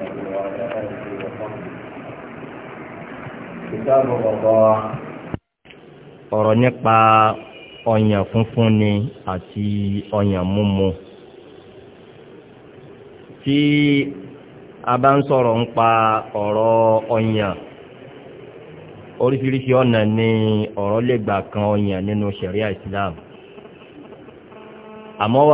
محمد وعلى آله وصحبه كتاب الرضاعة ọ̀rọ̀ nípa àti ọ̀yàn múmu tí a bá ń sọ̀rọ̀ ọ̀rọ̀ oríṣiríṣi ni ọ̀rọ̀ lè kan nínú Islam àmọ́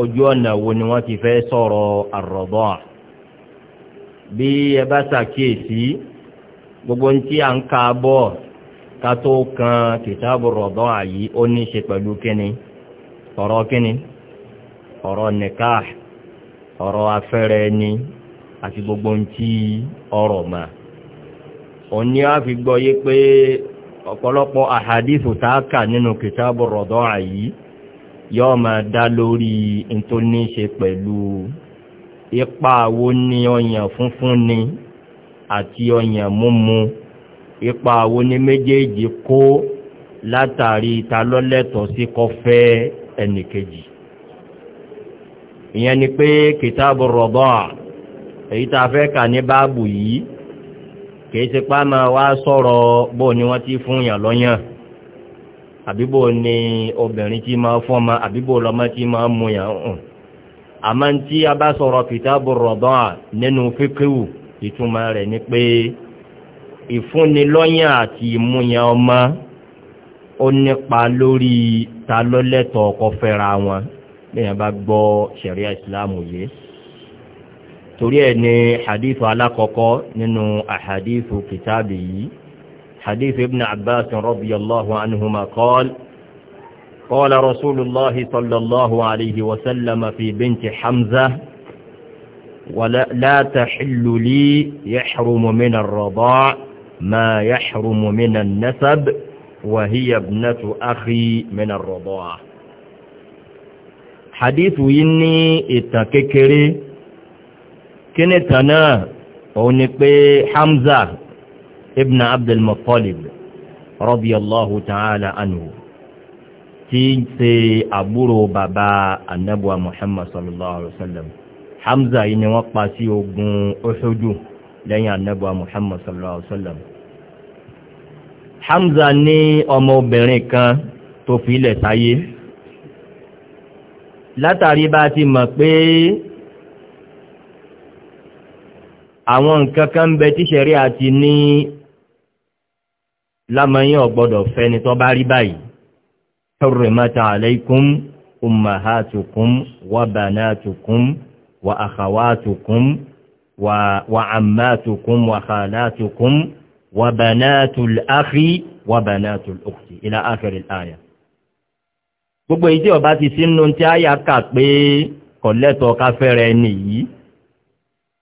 ojú ọ̀nà wo ni wọ́n ti fẹ́ sọ̀rọ̀ àrọ̀bọ̀ à bí ẹ bá ṣàkíyèsí gbogbo ní tí à ka bọ̀ ká tó kan kìtàbù rọ̀bọ̀ àyí ó ní ṣe pẹ̀lú kíni ọ̀rọ̀ kíni ọ̀rọ̀ nìka ọ̀rọ̀ afẹ́rẹ́ ni àti gbogbo ní tí ọ̀rọ̀ mà ni a fi gbọ́ yé pé ọ̀pọ̀lọpọ̀ àhàdìfù tá a kà nínú kìtàbù rọ̀bọ̀ àyí. yọ́ ma dá lórí tó ní ṣe pẹ̀lú ipa wo ni ọyàn funfun ni àti ọyàn múmu ipa wo ni méjèèjì kó látàrí ìtalọ́lẹ́tọ̀ sí kọfẹ́ ẹnìkejì ìyẹn ni pé kìtàbù rọ̀bọ́ èyí ta fẹ́ kà ní báàbù yìí kìí ṣe pá wá sọ̀rọ̀ bóò ni wọ́n ti fún yàn lọ́yàn àbíbò ni obìnrin tí máa fọ́mọ àbíbò lọ́mọ tí máa mú yàn hàn àmọ́ tí a bá sọ̀rọ̀ kìtàbù rọ̀dán nínú fíkíwù ìtumọ̀ rẹ̀ ni pé ìfúnni lọ́yàn àti ìmúyàn ọmọ ó nípa lórí ta lọ́lẹ́tọ̀ ọkọ fẹ́ra wọn lẹ́yìn bá gbọ́ sẹ̀ríà ìsìláàmù yìí torí ẹ̀ ni hadithu alákọ̀ọ́kọ́ nínú àhadithu kìtàbù yìí حديث ابن عباس رضي الله عنهما قال قال رسول الله صلى الله عليه وسلم في بنت حمزة ولا لا تحل لي يحرم من الرضاع ما يحرم من النسب وهي ابنة أخي من الرضاع حديث يني التككري كنتنا ونقبي حمزة ibn abdul muttalib radiyallahu ta'ala anhu tí ń ṣe àbúrò bàbá anabuwa muhammad sallallahu alaihi wasallam hamza yìí ni wọ́n pa sí ogun oṣojú lẹ́yìn anabuwa muhammad sallallahu alaihi wasallam hamza ní ọmọbìnrin kan tó fi ilẹ̀ sáyé látàrí bá ti mọ̀ pé àwọn nǹkan kan bẹ tí ṣẹ̀rí àti ní lámàáyé ọ̀gbọ́dọ̀ fẹ́ni tó bá rí báyìí ṣọ́rọ̀mọ́ta aláìkún umahatukum wa banatukum wa akhawatukum wa ammatukum wa khalatukum wa banatul akhi wa banatul ukhti ila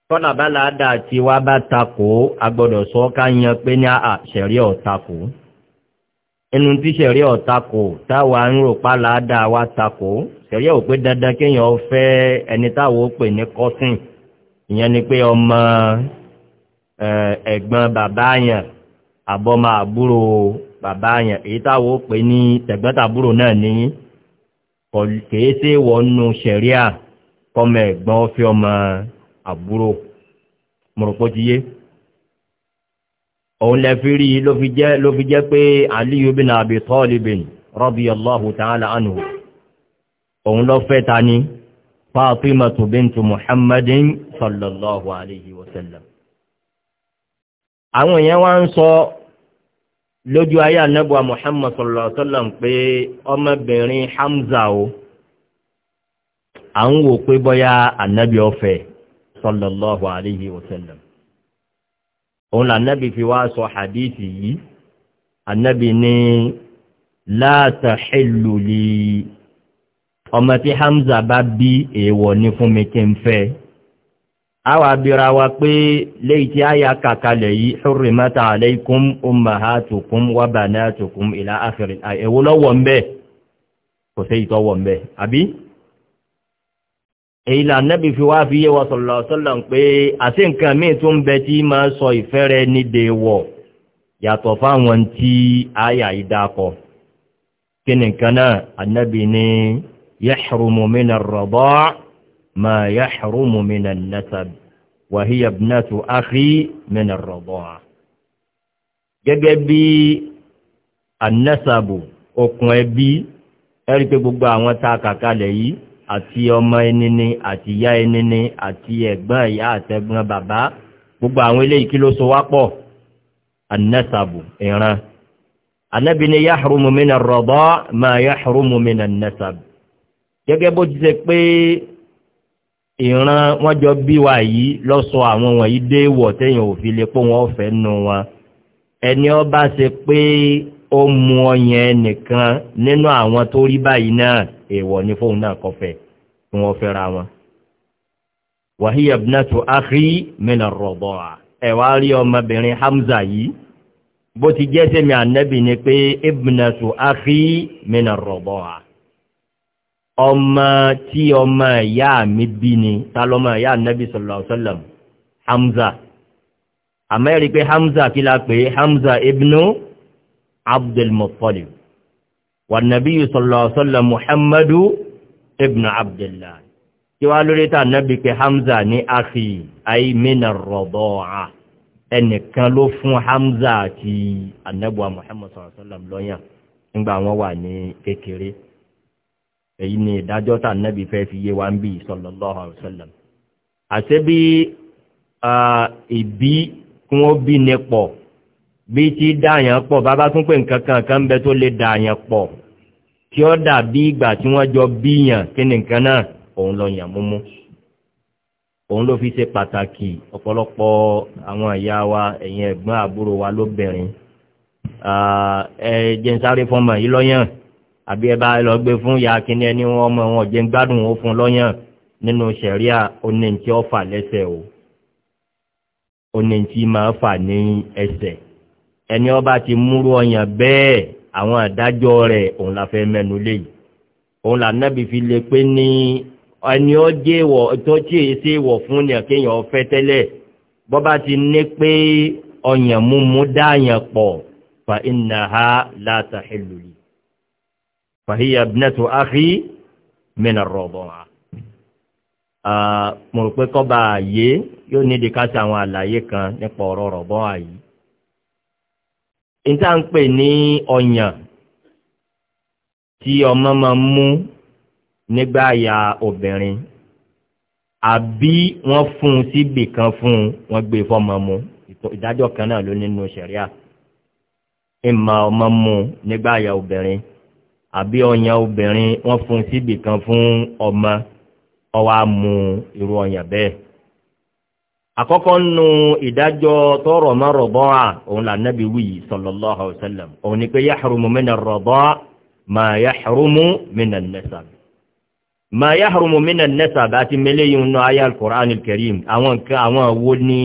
tọ́nà bá láàdá tí wá bá takò agbọ́dọ̀ sọ ká yan pé ní àà ṣẹ̀rí ọ̀takò inú tí ṣẹ̀rí ọ̀takò táwa ń rò pa láàdá wa takò ṣẹ̀rí ò pé dandan kéèyàn fẹ́ ẹni táwo pè ní kọ́sìn ìyẹn ni pé ọmọ ẹ̀gbọ́n bàbá yàn àbọ́mọ àbúrò bàbá yàn èyí táwo pè ní tẹ̀gbọ́ntàbúrò náà ní kèése wọnú ṣẹ̀ríà kọ́mọ ẹ̀gbọ́n fi ọmọ àbúrò mọ̀rọ̀pọ̀ ti yé òun lẹ́fi rí ló fi jẹ́ ló fi jẹ́ pé aliyu bin abi tọ́libin radiyallahu ta'ala anhu òun lọ fẹ́ ta ni fatimatu bintu muhammadin sallallahu alayhi wa sallam àwọn èèyàn wá ń sọ lójú ayé anábọ̀ muhammad sallallahu alayhi wa pé ọmọbìnrin hamza o à ń wò pé bọ́yá anábì ọ̀fẹ́ sallallahu alayhi wa sallam. òun là nábì fi wá sọ hadithi yìí anábì ní látàhìlùlì ọmọ tí hamza bá bí èèwọ̀ ní fún mi kí n fẹ́ awa bira wa pé léyìí tí a yà kàkalẹ̀ yìí ṣúrì mẹ́ta aláìkún ọmọha tukún wàbàná tukún ìlà àfẹ́rẹ́ èwo lọ́wọ́ ń bẹ́ẹ̀ kò sí ìtọ́wọ́ ń bẹ́ẹ̀ àbí èyí là nẹ́bí fi wá fi yé wa sọ̀rọ̀ sọ́lọ̀ pé àti nǹkan míì tó ń bẹ tí máa sọ ìfẹ́ rẹ níde wọ̀ yàtọ̀ fáwọn tí àyà ìdákọ̀ kí nìkan náà ànẹ́bí ní yẹ́ṣùrùmù mìíràn rọ̀bọ́ ma yẹ́ṣùrùmù mìíràn nasab áhí mìíràn rọ̀bọ́ gẹ́gẹ́ bí annasabu okùn ẹbí ẹ̀rí pé gbogbo àwọn tá a kàkalẹ̀ yìí àti ọmọ ẹni ni àti ìyá ẹni ni àti ẹ̀gbọ́n ìyá àtẹ̀gbọ́n bàbá gbogbo àwọn eléyìí kí ló so wá pọ̀ anẹ́sàbù ìran anábì ni yáhùrùmù mi nà rọ̀bọ́ máa yáhùrùmù mi nà nẹ́sàbù gẹ́gẹ́ bó ti ṣe pé ìran wọ́n jọ bí wa yìí lọ́sọ àwọn wọ̀nyí déèwọ̀ téèyàn ò fi lè pé wọ́n fẹ́ nu wọn ẹni ọ bá ṣe pé ó mu ọyàn ẹnìkan nínú àwọn tó rí báyìí náà èèwọ̀ ní fóun náà kọfẹ́ tí wọ́n fẹ́ra wọn. wàhíyà bínátù áhí mìíràn rọ̀bọ̀ à ẹ̀ wá rí ọmọbìnrin hamza yìí bó ti jẹ́ sẹ́mi ànẹ́bì ni pé ibùnátù áhí mìíràn rọ̀bọ̀ à ọmọ tí ọmọ ìyá mi bí ni ta ìyá ànẹ́bì sọ̀rọ̀ sọ́lọ̀m hamza àmẹ́rí pé hamza kí la pé hamza ibnu abdulmuttalib والنبي صلى الله عليه وسلم محمد ابن عبد الله لي تان النبي كحمزة ني أخي أي من الرضاعة أن كالوف حمزة كي النبوة محمد صلى الله عليه وسلم لويا نبا ووا ني ككري èyí ni ìdájọ́ tà nẹ́bí fẹ́ fi yé wa ń bí sọ̀lọ́lọ́hà ọ̀sẹ̀lẹ̀m àti bí ìbí kí wọ́n bí ní pọ̀ bí tí tún pé nǹkan kan kan bẹ tó lè dáàyàn pọ̀ tí ó dàbí ìgbà tí wọ́n jọ bíyàn kí ni nǹkan náà òun lọ yàn múmú òun ló fi ṣe pàtàkì ọ̀pọ̀lọpọ̀ àwọn ìyá wa ẹ̀yìn ẹ̀gbọ́n àbúrò wa lóbìnrin ẹ̀jẹ̀ ń sáré fọmọ yìí lọ́yàn àbí ẹ bá lọ gbé fún ìyá kíní ẹni wọn ọmọ wọn jẹ́ ń gbádùn ó fún lọ́yàn nínú sẹ̀ríà oníntí ọ̀fà lẹ́sẹ̀ o oníntí máa fà ní ẹsẹ̀ ẹni ọba ti múrú ọyàn bẹ́ẹ̀ àwọn àdájọ́ rẹ̀ òun la fẹ́ mẹ́nu léyìí òun là nábì fi lè pé ní ẹni ó jẹ́ ìwọ̀ tó tí èyí sí ìwọ̀ fún ni àkéèyàn fẹ́ tẹ́lẹ̀ bọ́ bá ti ní pé ọyàn múmú dáàyàn pọ̀ fa iná ha láta ẹlòlì fàhíyà bínẹ́tò áfí mẹ́nà rọ̀bọ̀ ha mo rò pé kọ́ bá yé yóò ní di àwọn àlàyé kan nípa ọ̀rọ̀ rọ̀bọ̀ yìí níta ń pè ní ọ̀yàn tí ọmọ máa mú nígbà ya obìnrin àbí wọ́n fún un síbì kan fún un wọ́n gbé e fọ́mọ mu ìdájọ́ kan náà ló nínú sẹ̀ríà ìmọ̀ ọmọ mu nígbà ya obìnrin àbí ọ̀yàn obìnrin wọ́n fún un síbì kan fún ọmọ ọwọ́ á mu irú ọ̀yàn bẹ́ẹ̀ àkọ́kọ́ nù ìdájọ́ tọrọ mọ́ rọ̀bọ́ à òun là nábi wí sallallahu alaihi wasallam òun ni pé yahrumu mina rọ̀bọ́ ma yahrumu mina nasab ma yahrumu mina nasab àti mẹ́lẹ́yìn nù ayé al-Qur'an al-Karim àwọn nǹkan àwọn wo ni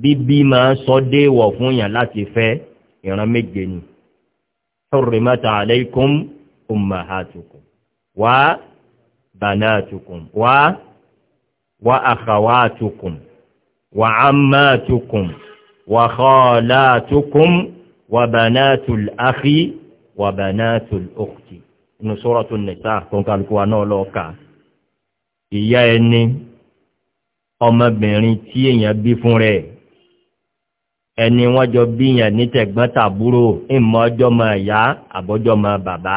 bíbí máa sọ déwọ̀ fún yàn láti fẹ́ ìran méje ni حرمت عليكم أمهاتكم وبناتكم و وأخواتكم وعماتكم وخالاتكم وبنات الأخ وبنات الأخت. akhi wa banatul ukhti inú suratul nisa tó ń kálukú wa náà lọ́ọ̀ka ìyá ẹni ọmọbìnrin tí èèyàn bí fún rẹ̀ ẹni wọ́n jọ bíyàn ní tẹ̀gbọ́n-tàbúrò ìmọ̀ ọjọ́ ìyá àbọ́jọ́ mọ bàbá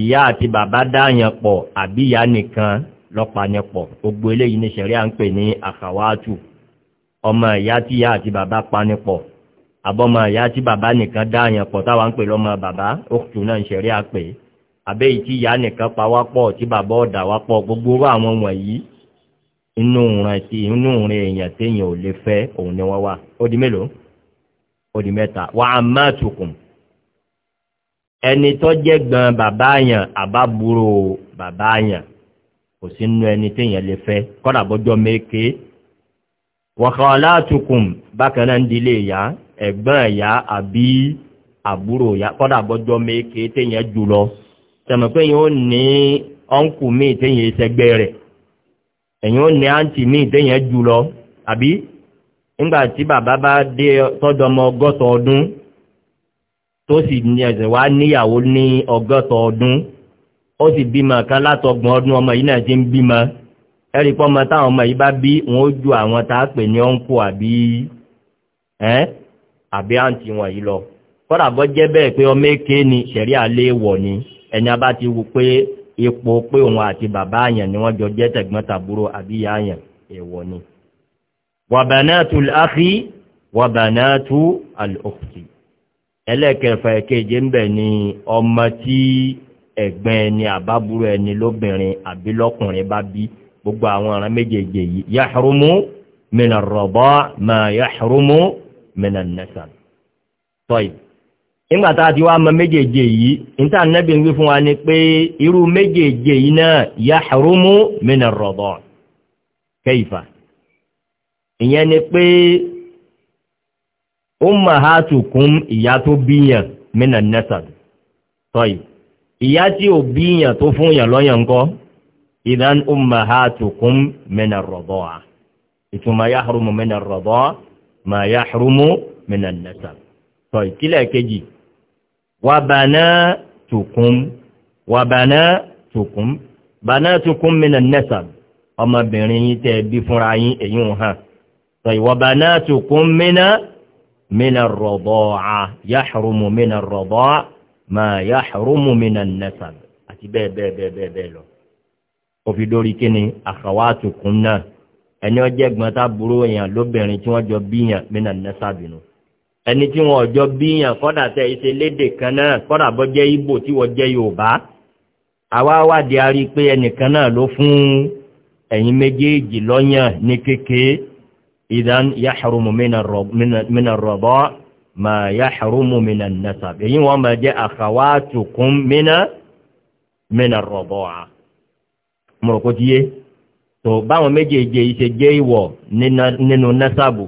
ìyá àti bàbá dáyàn pọ̀ àbí ìyá nìkan lọ́pàá yẹn pọ̀ gbogbo eléyìí ní ṣẹ̀rí ń pè ní àkàwátù ọmọ ìyá tí ìyá àti bàbá pani pọ̀ àbọ̀mọ ìyá tí bàbá nìkan dáàyàn pọ̀ táwa ń pè lọ́mọ bàbá òkùtù náà ń ṣẹ̀rí àpè àbẹ́ ìtí ìyá nìkan pa wá pọ̀ tí bàbá ọ̀dà wá pọ̀ gbogbo orú àwọn wọ̀nyí inú ìran ti inú ìran èèyàn téèyàn ò lè fẹ́ òun ni wọ́n wà ó di mélòó ó di mẹ́ta wà á má tukùn ẹni tó jẹ́ gbọ́n bàbá yàn àbábúrò bàbá yàn kò sí nínú ẹni téèyàn lè fẹ́ kọ́dà bọ́jọ́ méke wàhálàtùkùn bákaná ń dilé ìyá ẹ̀gbọ́n ìyá àbí àbúrò ìyá kọ́dà bọ́jọ́ méke téèyàn jùlọ tẹ̀mọ̀ pé yóò ní ọ́nkù míì téèyàn ṣẹgbẹ́ rẹ̀ ẹ̀yìn ó ní àǹtí míì téèyàn jùlọ àbí nígbà tí bàbá bá dé tọ́dọmọ ọgọ́ta ọdún tó sì ẹ̀sẹ̀ wá níyàwó ní ọgọ́ta ọdún ó sì bímọ kan látọgbọ̀n ọdún ọmọ yìí náà ti ń bímọ ẹ̀rí pọ́ ọmọ táwọn ọmọ yìí bá bí wọn ó ju àwọn tá a pè ní ọ̀nkù àbí ẹ́ àbí àǹtí wọn yìí lọ kọ́dà bọ́ jẹ́ bẹ́ẹ̀ pé ọmọ èké ni ṣẹ̀rí alẹ́ wọ̀ ni ẹni abá ti wù pé ipò pé òun àti bàbá àyàn ni wọ́n jọ jẹ́ tẹ̀gbọ́ntàbúrò àbí ìyá àyàn èèwọ̀ ni. wàbànátù láàfí wàbànátù gbogbo àwọn ọ̀ràn méjèèjì yìí yàhùrùmù mìnà rọ̀bọ́ mà yàhùrùmù mìnà nẹ́sà. tọ́yì nígbà tá a ti wá mọ méjèèjì yìí níta nẹ́bí ń wí fún wa ni pé irú méjèèjì yìí náà yàhùrùmù mìnà rọ̀bọ́ kẹ́yìfà. ìyẹn ni pé ó mà á tùkún ìyá tó bíyàn mìnà nẹ́sà. tọ́yì ìyá tí ò bíyàn tó fún yàn lọ́yàn ńkọ́ ìdán ọmọ ha tukùn mẹ́nà rọ̀bọ̀ à ìtumọ̀ yá hùrùmù mẹ́nà rọ̀bọ̀ mà yá hùrùmù mẹ́nà nẹ́sà tọ́ ìkílẹ̀ kejì wà bàná tukùn wà bàná tukùn bàná tukùn mẹ́nà nẹ́sà ọmọbìnrin yìí tẹ́ bí fúnra yín èyí ń hàn tọ́ ìwà bàná tukùn mẹ́nà mẹ́nà rọ̀bọ̀ à yá hùrùmù mẹ́nà rọ̀bọ̀ mà yá hùrùmù mẹ́nà nẹ́sà bẹ́ẹ̀ bẹ́ẹ̀ bẹ́ẹ̀ bẹ́ẹ̀ lọ òfi dórí kíni àkàwátù kún náà ẹni ọjẹ́ gbọ́n tá burú èèyàn lóbìnrin tí wọ́n jọ bíyàn mínà nẹ́sàbìnú ẹni tí wọ́n jọ bíyàn kọ́dà tẹ́ ìṣe léde kan náà kọ́dà bọ́ jẹ́ ibo tí wọ́n jẹ́ yorùbá àwa wádìí arí pé ẹnìkan náà ló fún ẹ̀yin méjèèjì lọ́yàn ní kéke ìdán yáxarumu mínà rọ̀bọ́ mà yáxarumu mínà nẹ́sàbìnú èyí wọ́n máa jẹ́ àkàwátù kún mínà mínà rọ̀bọ́ à mo rò kó ti yé tó báwọn méjèèjì yìí ṣe jẹ́ ìwọ̀ nínú nẹ́sàbù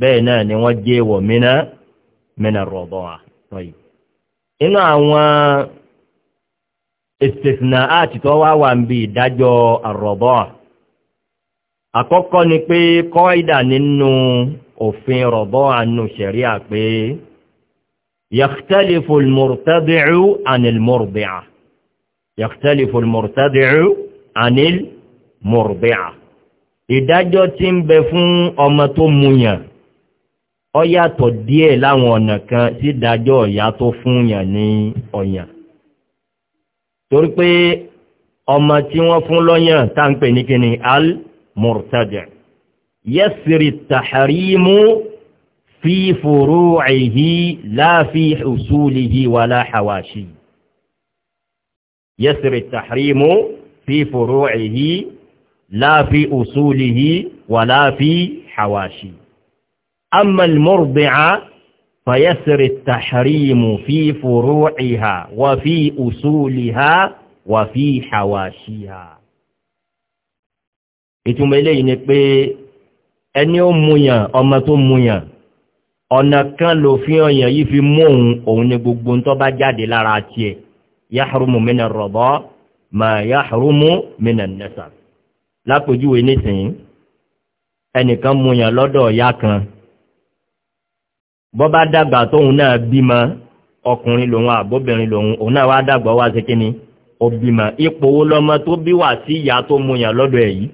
bẹ́ẹ̀ náà ni wọ́n jẹ́ ìwọ̀ mìíràn mìíràn rọ̀bọ̀ à tọ́yì. inú àwọn ìsìsìnà àti tó wá wà ń bi ìdájọ́ àrọ̀bọ̀ à àkọ́kọ́ ni pé kọ́ìdà nínú òfin rọ̀bọ̀ àánú ṣẹ̀ríà pé yàtẹ́lifù mùrtẹ́dìrú ànilmùrbìà yàtẹ́lifù mùrtẹ́dìrú anil murbi'a ìdájọ́ tí ń bẹ fún ọmọ tó muyàn ọ yàtọ̀ díẹ̀ láwọn ọ̀nà kan sí ìdájọ́ ọ̀yà tó fún yàn ní ọ̀yàn torí pé ọmọ tí wọ́n fún lọ́yàn tá ń pè ní kíni al murtaja yẹ́sìrì tàhàrímù fi furu'ihi la fi usulihi wala hawashi yẹ́sìrì tàhàrímù fi furu'ihi la fi usulihi wa la fi hawashi amma al-murdi'a فيسر التحريم في فروعها وفي أصولها وفي حواشيها ìtumọ̀ eléyìí ni pé ẹni ó múyàn ọmọ tó múyàn ọ̀nà kan ló fi ọ̀yàn yìí fi mú òun òun ni gbogbo ń tọ́ bá jáde lára tiẹ̀ yahrumu mina rọ̀bọ́ ma ya harumu mina nẹsa lápèjúwe nísìnyí ẹnìkan mu yàn lọ́dọ̀ ya kan bọ́ bá dàgbà tóun náà bímọ ọkùnrin lòun àbóbìnrin lòun òun náà wá dàgbà wá sí kínní ó bímọ ipò wo lọmọ tó bí wà sí ìyá tó mu yàn lọ́dọ̀ ẹ̀ yìí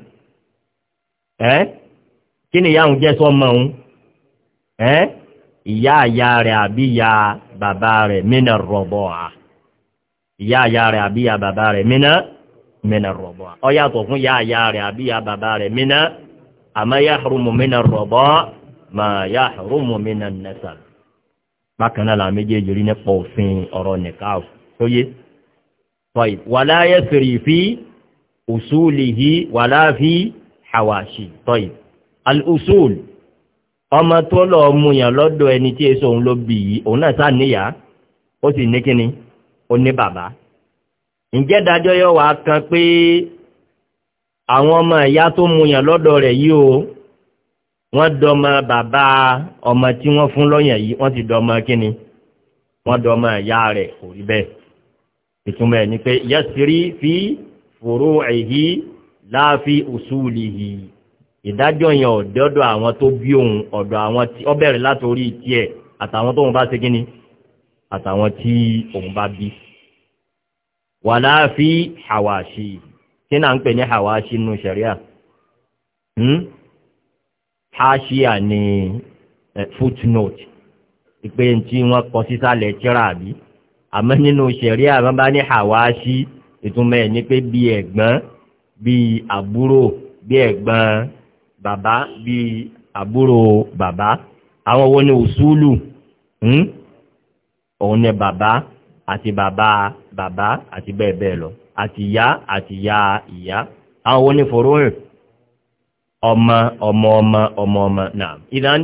ẹ́ kí ni ìyá òun jẹ́ sọ́mọ òun ẹ́ ìyá àyà rẹ̀ àbí ìyá bàbá rẹ̀ mí nà rọ̀bọ̀ à ìyá àyá rẹ̀ àbí ìyá bàbá rẹ̀ mìíná mìíná rọ̀bọ̀ ọ yàtọ̀ fún ìyá àyá rẹ̀ àbí ìyá bàbá rẹ̀ mìíná àmọ́ yá àrùmù mìíná rọ̀bọ̀ mà yá àrùmù mìíná nẹ́sà bákan náà làwọn méjèèjì rí nípa òfin ọ̀rọ̀ nìkan tó yé wàlá yẹ fèrè fi usulihi wàlá fi hawashi tọ́yì al-usul ọmọ tó lọ mú yàn lọ́dọ̀ ẹni tí èso òun ló bì yìí òun náà sá ó ní bàbá ǹjẹ́ dájọ́ yóò wá kan pé àwọn ọmọ ìyá tó mu yàn lọ́dọ̀ rẹ̀ yìí o wọ́n dọmọ bàbá ọmọ tí wọ́n fún lọ́yàn yìí wọ́n ti dọmọ kíni wọ́n dọmọ ìyá rẹ̀ kò rí bẹ́ẹ̀ ìtumọ̀ ẹ̀ ni pé yẹ́sìrí fi fòró ẹ̀hí láàfi òṣùlì yìí ìdájọ́ yẹn ọ̀dọ́dọ̀ àwọn tó bí òun ọ̀dọ̀ àwọn tí ó bẹ̀rẹ̀ látòrí tiẹ̀ àtàwọn tóun bá ṣe kíni àtàwọn tí òun bá bí wàlá fi hàwàṣì kí náà ń pè ní hàwàṣì nù sẹ̀ríà hàṣíà ni eh, footnote ìpè tí wọ́n kọ sísàlẹ̀ tíra àbí àmọ́ nínú sẹ̀ríà wọ́n bá ní hàwàṣì ìtumọ̀ ẹ̀ ní pé bí ẹ̀gbọ́n bí àbúrò bí ẹ̀gbọ́n bàbá bí àbúrò bàbá àwọn wo ni òṣùlù. Hmm? òun ni bàbá àti bàbá bàbá àti bẹ́ẹ̀ bẹ́ẹ̀ lọ àti ìyá àti ìyá ìyá àwọn òní fòrò rẹ̀ ọmọ ọmọ ọmọ ọmọ ọmọ náà ìdán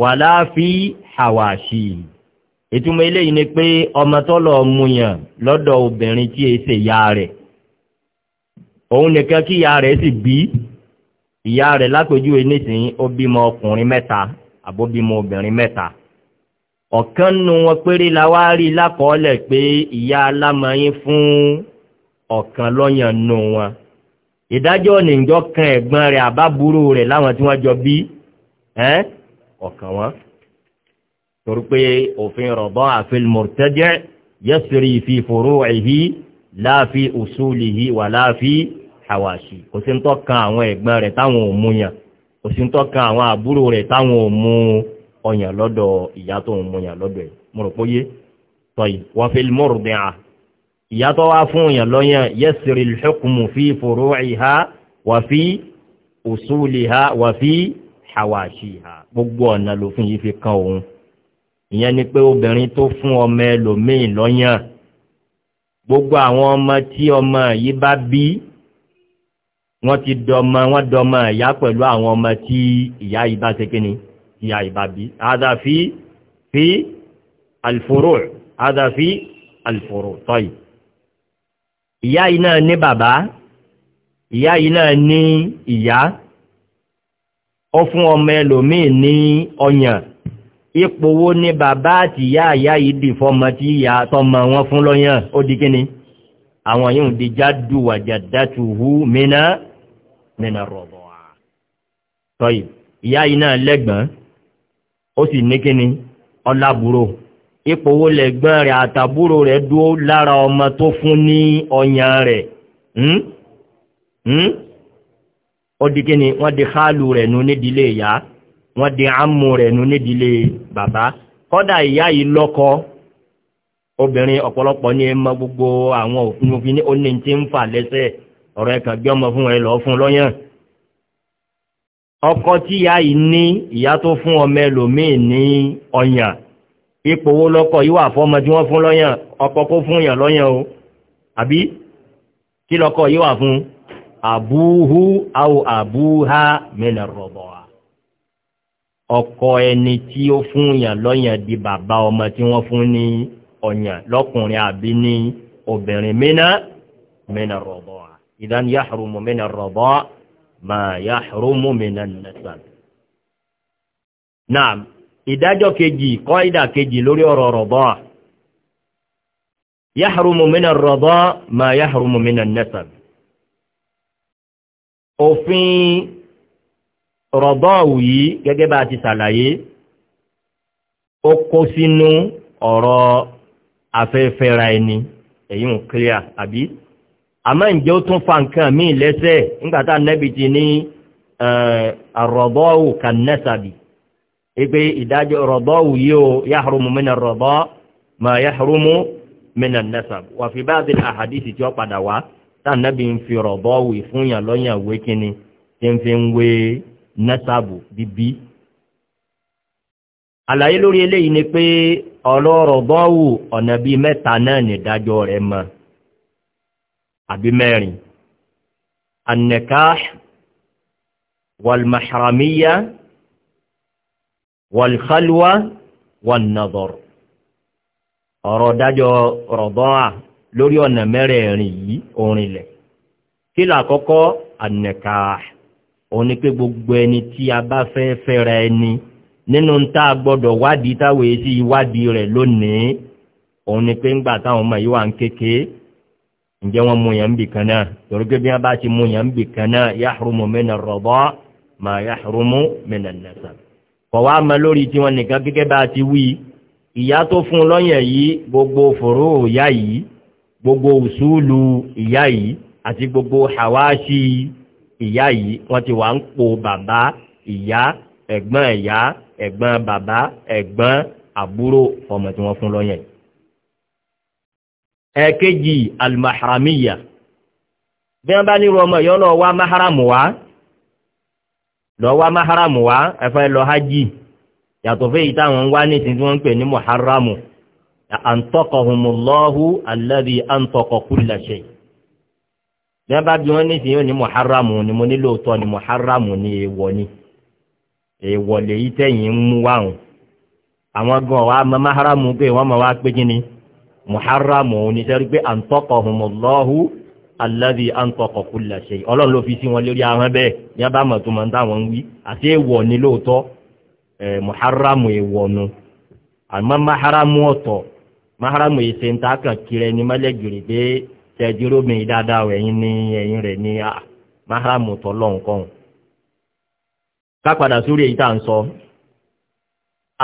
wà láàfí hàwàṣì ìtumọ̀ eléyìí ni pé ọmọ tọ́lọ̀ múyàn lọ́dọ̀ obìnrin tí è ṣe ìyá rẹ̀ òun nìkan kí ìyá rẹ̀ sì bí ìyá rẹ̀ lápèjúwe nísìnyí ó bímọ ọkùnrin mẹ́ta àbóbímọ obìnrin mẹ́ta ọ̀kan nu wọn péré la wá rí lákọọ́lẹ̀ pé ìyá alámọyín fún ọ̀kan lọ́yàn nu wọn ìdájọ́ nìjọ́ kan ẹ̀gbọ́n rẹ̀ àbábúrò rẹ̀ láwọn tí wọ́n jọ bí ọ̀kan wọn torí pé òfin rọ̀bọ́ àfil mọ̀tẹ́jẹ́ yẹ́sìrì fi fòrò ẹ̀hí láàfi òṣòlìhí wà láàfi àwàṣì kò sí ń tọ́kan àwọn ẹ̀gbọ́n rẹ̀ táwọn ò mú yàn kò sí ń tọ́kan àwọn àbúrò rẹ̀ táwọn ò mú un ọyàn lọ́dọ̀ ìyá tó ń mọyàn lọ́dọ̀ ẹ̀ mo rò póye tọ́yì wọ́n fi mọ́rù bí a ìyá tó wá fún òyàn lọ́yàn yẹ́sìrì lẹ́kùnmù fi fòrò ìhá wà fi òṣùlì ha wà fi hàwàṣì ha gbogbo ọ̀nà lòfin yìí fi kan òun ìyẹn ni pé obìnrin tó fún ọmọ ẹlòmíì lọ́yàn gbogbo àwọn ọmọ tí ọmọ yìí bá bí wọ́n ti dọmọ wọ́n dọmọ ìyá pẹ̀lú àwọn ọmọ tí ìyá yìí bá ṣe kíni ìyá ìbàbí àdá fi fi alfòrò àdá fi alfòrò tọ́yì ìyá yìí náà ní bàbá ìyá yìí náà ní ìyá ó fún ọmọ ẹlòmíì ní ọyàn ipò wo ní bàbá àti ìyá àyá yìí dì fọmọ tí ìyá tọmọ wọn fún lọ́yàn ó di kíni àwọn yóò di jádù wàjàdátù hu mìíràn mìíràn rọ̀bọ̀ tọ́yì ìyá yìí lẹ́gbọ̀n ó sì ní kíni ọlábúrò ipò owó lẹ́gbọ́n rẹ̀ àtàbúrò rẹ̀ dúró lára ọmọ tó fún ní ọyàn rẹ̀ hmm? Hmm? ó di kíni wọ́n di xaalu rẹ̀ nu nídìílé ìyá wọ́n di amú rẹ̀ nu nídìílé bàbá kọ́dà ìyá yìí lọ́kọ obìnrin ọ̀pọ̀lọpọ̀ ní ẹmọ gbogbo àwọn òfin òfin ní ń fà lẹ́sẹ̀ ọ̀rọ̀ ẹ̀kàn gbé ọmọ fún ẹ lọ fún lọ́yàn ọkọ tí ìyá yìí ní ìyá tó fún ọmọ ẹlòmíì ní ọyàn ipò owó lọ́kọ̀ yìí wà fọ́mọ tí wọ́n fún lọ́yàn ọkọ kó fún yàn lọ́yàn o àbí kí lọ́kọ̀ yìí wà fún àbúhú àwò àbúhá mẹ́lẹ̀ rọ̀bọ̀ wa ọkọ ẹni tí ó fún yàn lọ́yàn di bàbá ọmọ tí wọ́n fún ní ọyàn lọ́kùnrin àbí ní obìnrin mẹ́nà rọ̀bọ̀ ìdánilẹ́ àrùn mọ́ mẹ́nà rọ̀bọ̀ ma yahrumu minan nasab. Naam, ìdájọ́ kejì, qaida kejì lórí ọ̀rọ̀ rada. Yahrumu minar rada ma yahrumu minan nasab. Òfin rada yìí gẹ́gẹ́ bá ti ṣàlàyé, ó kó sínú ọ̀rọ̀ afẹ́fẹ́ra ẹni, èyí ń kílíà, àbí? àmọ́ ǹjẹ́ ó tún fa nǹkan míì lẹ́sẹ̀ nígbàtà nẹ́bi ti ní àrọ̀bọ́ọ̀wù kanẹ́sàbì ipe ìdájọ́ rọ̀bọ́ọ̀wù yìí o yáhùrùmù mìnà rọ̀bọ́ ma yáhùrùmù mìnà nẹ́sàbì wà fi báàbí àhàdìsì tí ó padà wá tá nẹ́bi ń fi rọ̀bọ́ọ̀wù fúnyàn lọ́yàn wé kíni tí ń fi ń wé nẹ́sàbù bíbí. àlàyé lórí eléyìí ni pé ọ̀rọ̀ rọ̀bọ́ọ̀wù ọ̀nà bíi mẹ́ta náà nìdájọ́ rẹ̀ mọ́ àbí mẹ́rin annekah walmahramiya walkhalwa wannador ọ̀rọ̀ dájọ́ rọ̀bọ́à lórí ọ̀nà mẹ́rẹ̀ẹ̀rin yìí orinlẹ̀ kí làkọ́kọ́ annekah òun ni pé gbogbo ẹni tí a bá fẹ́ fẹ́ra ẹni nínú tá a gbọ́dọ̀ wádìí táwèé sí ìwádìí rẹ̀ lónìí òun pé ń gbà táwọn ọmọ yìí wà ń kékeré ǹjẹ́ wọ́n mú yàn bì kan náà torí pé bí wọ́n bá ti mú yàn bì kan náà yáhùrùmù mẹ́nà rọ̀bọ́ mà yáhùrùmù mẹ́nà nàṣà. kọ̀wá ma lórí tí wọ́n nìkan gẹ́gẹ́ bá ti wí ìyá tó fún lọ́yàn yìí gbogbo fòró ìyá yìí gbogbo ùsùlù ìyá yìí àti gbogbo hàwáṣí ìyá yìí wọ́n ti wà ń po bàbá ìyá ẹ̀gbọ́n ìyá ẹ̀gbọ́n bàbá ẹ̀gbọ́n àbúrò ọmọ tí wọ́n fún lọ́yàn yìí ẹ̀ẹ́kejì almahramiya bí wọ́n bá ní ọmọ yọ lọ wá maharamu wá lọ wá maharamu wá ẹ̀fẹ́ lọ hajj yàtọ̀ fẹ́ yìí táwọn ń wá ní ìsìn tí wọ́n ń pè ní muharamu àǹtọ́kọ̀hùnmùlọ́hù alladhi àǹtọ́kọ̀ kulla shay bí wọ́n bá bí wọ́n ní ìsìn yóò ní muharamu ni mo nílò tọ́ ni muharamu ni èèwọ̀ ni èèwọ̀ lèyí tẹ̀yìn ń mú wáhùn àwọn gan wa maharamu pé wọ́n mọ̀ wá pé kí ni muharram ní sẹ́rí pé antaqahumullahu alladhi antaqa kulla shay ọlọ́run ló fi sí wọn lórí ahọ́n bẹ́ẹ̀ ní abámọ̀ tó máa ń táwọn ń wí àti èèwọ̀ ní lóòótọ́ muharram èèwọ̀ nu àmọ́ maharamu ọ̀tọ̀ maharamu yìí ṣe ń ta kàn kiri ẹni mọ́lẹ́gìrì pé tẹ̀dúró mi dáadáa ẹ̀yìn ní ẹ̀yìn rẹ̀ ní maharamu tọ́lọ́ nǹkan kápadà sórí èyí tá à ń sọ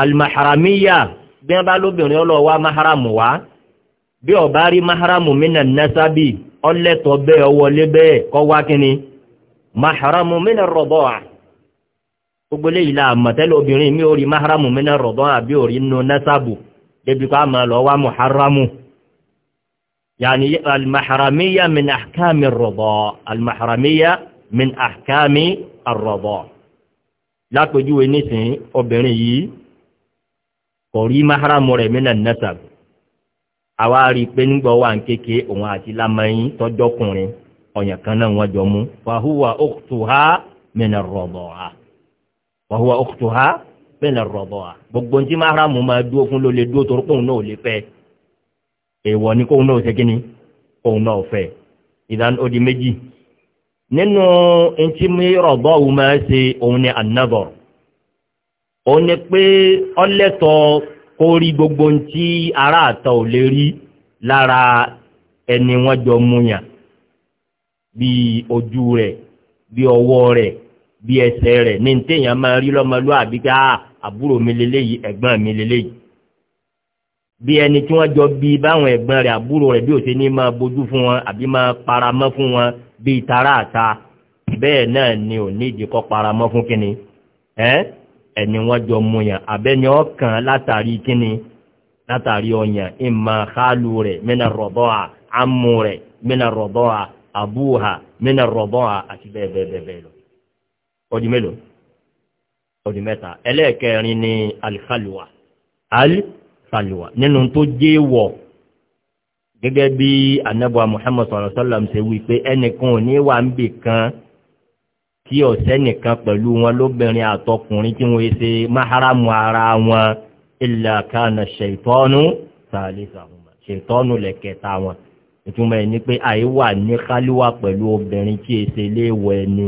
alimaharamiya bí wọn bá lóbìnrin ọlọ́wà maharamu wa bí ọba rí maharamu mina nasabi ọlẹ́tọ̀ bẹ́ẹ̀ ọwọlé bẹ́ẹ̀ kọ́ wá kíni maharamu mina rọ̀bọ̀à gbogbo lè ilá àmọ̀tẹ́lẹ̀ obìnrin mi ò rí maharamu mina rọ̀bọ̀à bí ò rí nù nasabu débi ká máa lọ wá muharamu yàní almaharamiya min ahkami rọ̀bọ̀ almaharamiya min ahkami rọ̀bọ̀ lápèjúwe nísìnyí obìnrin yìí kò rí maharamu rẹ̀ mina nasabu àwa rí i pé nígbà wà ń kéke òun àti lamẹ́yìn tọ́jọ́kùnrin ọ̀yàn kan náà wọ́n jọ mú fàhùwà òkùtùhá mẹ́nà rọ̀bọ̀ ha fàhùwà òkùtùhá mẹ́nà rọ̀bọ̀ ha gbogbo ní máa ráàmù máa dúró fún ló lè dúró torí pé náà ò lè fẹ́ èèwọ̀ ni kóun náà ò ṣe ni òun náà ò fẹ́ ìdáná ó méjì nínú ntí mi rọ̀bọ̀ òun máa ṣe òun ni ànábọ̀ òun ni pé ọlẹ́tọ̀ọ́ kó rí gbogbo ohun tí ará àtọ̀ ò lè rí lára ẹni wọ́n jọ múyàn bí ojú rẹ̀ bí ọwọ́ rẹ̀ bí ẹsẹ̀ rẹ̀ ní téèyàn máa rí lọ́mọlúwàbí ká ah, àbúrò mi lélẹ́yìí ẹ̀gbọ́n mi lélẹ́yìí bí ẹni tí wọ́n jọ bí báwọn ẹ̀gbọ́n rẹ̀ àbúrò rẹ̀ bí ò ṣe ní máa bójú fún wọn àbí máa paramọ́ fún wọn bí tara àta bẹ́ẹ̀ náà ni ò ní ìdíkọ́ paramọ́ fún kínní ẹ́ ẹni wọ́n jọ mú yàn àbẹ́ni ọkàn látàrí kíni látàrí ọyàn ìmọ̀ xaalu rẹ̀ mẹ́nà rọ̀bọ́ à amú rẹ̀ mẹ́nà rọ̀bọ́ à àbúhà mẹ́nà rọ̀bọ́ à àti bẹ́ẹ̀ bẹ́ẹ̀ bẹ́ẹ̀ lọ. ọdún mélòó ọdún mẹ́ta ẹlẹ́ẹ̀kẹrin ni alifaliwa alifaliwa nínú tó jẹ́ wọ̀ gẹ́gẹ́ bí anabuwa muhammadu sallallahu alayhi wa sallam ṣe wí pé ẹnìkan ò ní wà ń bì kan tí ọ̀sẹ́ nìkan pẹ̀lú wọn lóbìnrin àtọkùnrin tí wọ́n ṣe máhàrámù ara wọn ilẹ̀ kánà ṣètọ́nù tààlẹ́sàmùmá ṣètọ́nù lẹ̀kẹta wọn ìtumọ̀ ẹni pé àìwà ní kálíwà pẹ̀lú obìnrin tí èsè léèwọ̀ ẹni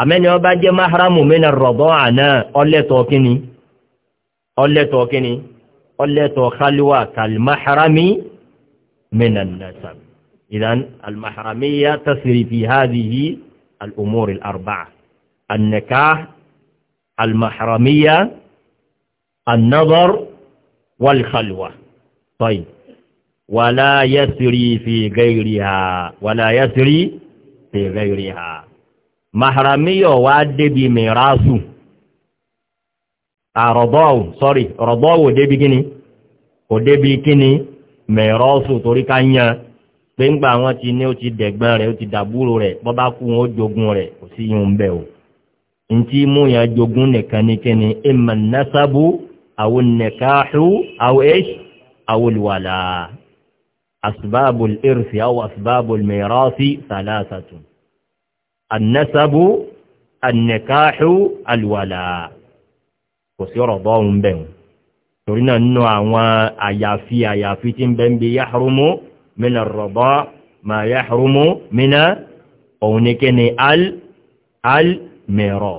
àmẹ́ni ọba jẹ́ máhàrámù mẹ́nà rọ̀bọ́ àná ọlẹ́tọ̀ kíni ọlẹ́tọ̀ kíni ọlẹ́tọ̀ الأمور الأربعة النكاح المحرمية النظر والخلوة طيب ولا يسري في غيرها ولا يسري في غيرها محرمية وادي بميراثه رضاو. sọ́rí رضاو débi kíni kò débi kíni mẹ̀rọ́sù pé ńgbà wọn ti ní ó ti dẹ̀gbọ́n rẹ̀ ó ti dàbúrò rẹ̀ bọ́ bá kú wọn ó jogun rẹ̀ kò sí yín ń bẹ̀ o ntí mú yàn jogun nìkan ní kíni ìmọ̀ násábù àwọn nìkaáhù àwọn èṣù àwọn olùwàlà asibaabu irfi àwọn asibaabu mìíràsì sàlásàtù annasabu annikahu alwala kò sí ọ̀rọ̀ bọ́ọ̀hún bẹ̀ torí náà nínú àwọn àyàfi àyàfi tí ń bẹ́ ń bi من rọ̀bọ́ ما يحرم rúmú mina òun ni kí ni al-mẹ́rọ̀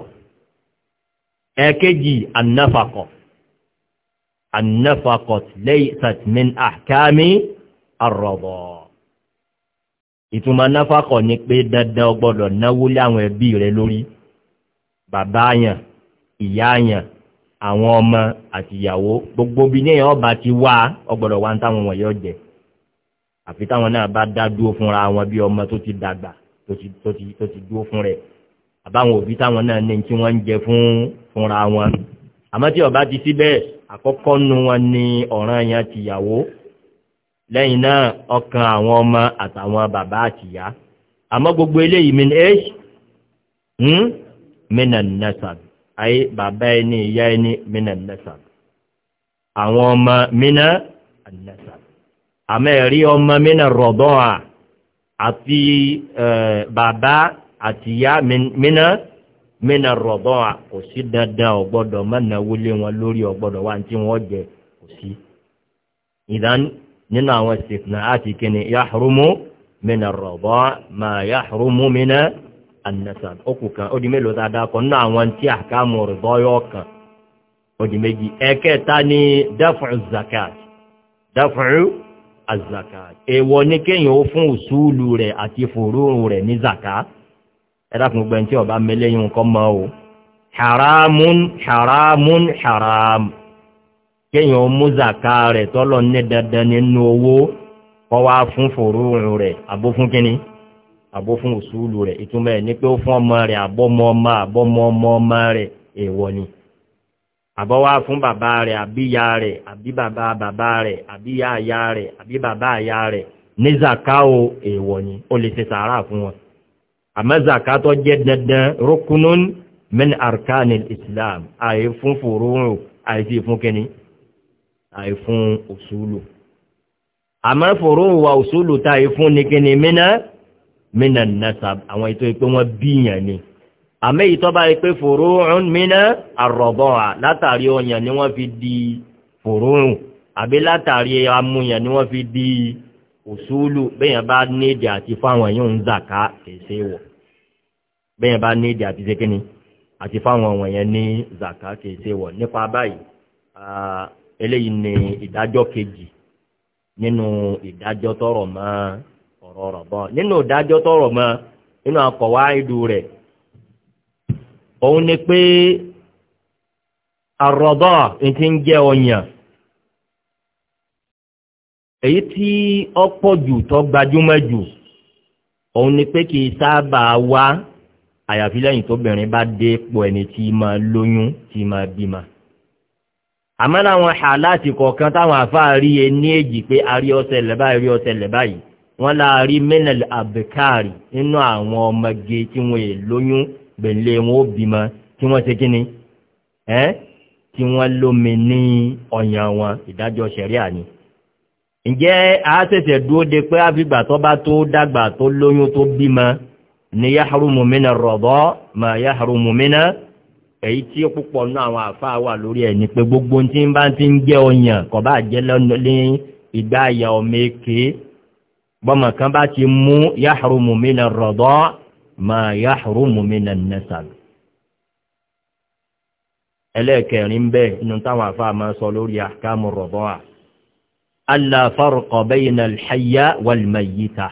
ẹ̀kẹ́jì annáfàkọ̀ annáfàkọ̀ laysat min ahkami arọ̀bọ̀ ìtumọ̀ annáfàkọ̀ ni pé dandan o gbọ́dọ̀ náwó láwọn ẹbí rẹ lórí bàbá yàn ìyá yàn àwọn ọmọ àtìyàwó gbogbo bí ní ẹ̀yàn ọba ti wá ọgbọ̀dọ̀ wá ń táwọn wọ̀nyí ọjẹ́ àfi táwọn náà bá dá dúró fúnra wọn bí ọmọ tó ti dàgbà tó ti tó ti tó ti dúró fún rẹ̀ àbáwọn òbí táwọn náà ní tí wọ́n ń jẹ fún fúnra wọn àmọ́ tí ọba ti síbẹ̀ àkọ́kọ́ nu wọn ní ọ̀ràn yẹn tìyàwó lẹ́yìn náà ọkàn àwọn ọmọ àtàwọn bàbá àtìyá àmọ́ gbogbo eléyìí mi ní ẹ́ṣ mínà nẹ́sàb ayé bàbá ẹni ìyá ẹni mínà nẹ́sàb àwọn ọmọ mínà nẹ́sàb àmẹ́rí ọmọ mínà rọ̀dọ́ à àti bàbá àti ìyá mínà mínà rọ̀dọ́ à kò sí dandan ọ̀gbọ́dọ̀ mọ́nà wọlé wọn lórí ọ̀gbọ́dọ̀ wá tí wọ́n jẹ kò sí ìdán nínú àwọn ìsìnkú àti kíni yáhùrúmú mínà rọ̀dọ́ ma yáhùrúmú mínà annasan okù ó di mélòó tá a nínú àwọn tí àkámù rọ̀dọ́ yọ kan ó di méjì ẹ̀kẹta ni dáfùrù zakat dáfùrù azaka èèwọ̀ ní kéèyàn ó fún òṣùlù rẹ̀ àti fòróòrùn rẹ̀ ní zaka ẹ̀dàkùn gbẹ̀ tí ọba mẹ́lẹ́yìn nǹkan mọ́ o haramun haramun haram kéèyàn ó mú zaka rẹ̀ tọ́lọ̀ ní dandan nínú owó kọ́ wá fún fòróòrùn rẹ̀ àbó fún kínní àbó fún òṣùlù rẹ̀ ìtumọ̀ ẹ̀ ní pé ó fún ọmọ rẹ̀ àbọ́mọ ọmọ àbọ́mọ ọmọ ọmọ rẹ̀ èèwọ̀ ni àbọ́wá fún bàbá rẹ̀ àbíyá rẹ̀ àbí bàbá bàbá rẹ̀ àbíyá àyá rẹ̀ àbí bàbá àyá rẹ̀ ní zaka o èèwọ̀ ni ó lè ṣe sàárà fún wọn àmọ́ zaka jẹ́ dandan rukunun min arkanil islam àyè fún fòrónrò àyè sí fún kíní àyè fún òṣùlù àmọ́ fòrónrò wa òṣùlù táyè fún ní kíní mínà mínà nasab àwọn ètò ìpé wọn bíyàn ni àmì ìtọ́ba yìí pé furu'un mina ar-rida'a látàrí ọyàn ni wọ́n fi di furu'un àbí látàrí amúyàn ni wọ́n fi di usulu bẹ́yẹn bá nídìí àti fáwọn yóò ń zàká kèsè wọ̀ bẹ́yẹn bá nídìí àti sékíní àti fáwọn wọ̀nyẹn ní zàká kèsè wọ̀ nípa báyìí eléyìí ni ìdájọ́ kejì nínú ìdájọ́ tọrọ mọ́ ọ̀rọ̀ ọ̀rọ̀ bọ́ nínú ìdájọ́ tọrọ mọ́ nínú àkọ̀wá ìdú rẹ̀ òun ni pé àrọ̀bọ̀ ti ń jẹ́ ọyàn èyí tí ọ̀pọ̀ jù tó gbajúmọ̀ jù òun ni pé kì í sábà wá àyàfi lẹ́yìn tóbìnrin bá dé pọ̀ ẹni tí máa lóyún tí máa bímọ àmọ́ láwọn àláàtì kọ̀ọ̀kan táwọn àfáà rí e ní èjì pé a rí ọsẹ̀ lẹ́bá rí ọsẹ̀ lẹ́bá yìí wọ́n láà rí àbẹ̀káàrí nínú àwọn ọmọge tí wọ́n è lóyún gbèlè wọn ó bímọ tí wọ́n ṣe kíni ẹ́ tí wọ́n lómi ní ọ̀yàn wọn ìdájọ́ sẹ̀ríà ni ǹjẹ́ a ṣẹ̀ṣẹ̀ dúró de pé àfìgbà tó bá tó dàgbà tó lóyún tó bímọ ni yáhùrùmù mìíràn rọ̀bọ́ mà yáhùrùmù mìíràn èyí tí púpọ̀ náà àwọn àfáà wà lórí ẹ̀ ni pé gbogbo tí ń bá ti ń jẹ́ ọyàn kọ̀ bá jẹ́ lọ́nà ní ìgbà àyà ọmọ bọ́mọ̀ kan bá ti mú yáhùrùmù mìíràn rọ̀bọ́ máa yá àrùmù mi nà nẹ́sàbì. ẹlẹ́ẹ̀kẹrin bẹ́ẹ̀ inú táwọn afáà máa sọ lórí àkámù rọ̀bọ́ à. aláfarukọ̀ bẹ́yìn náà ṣayá wàlmẹ̀yìta.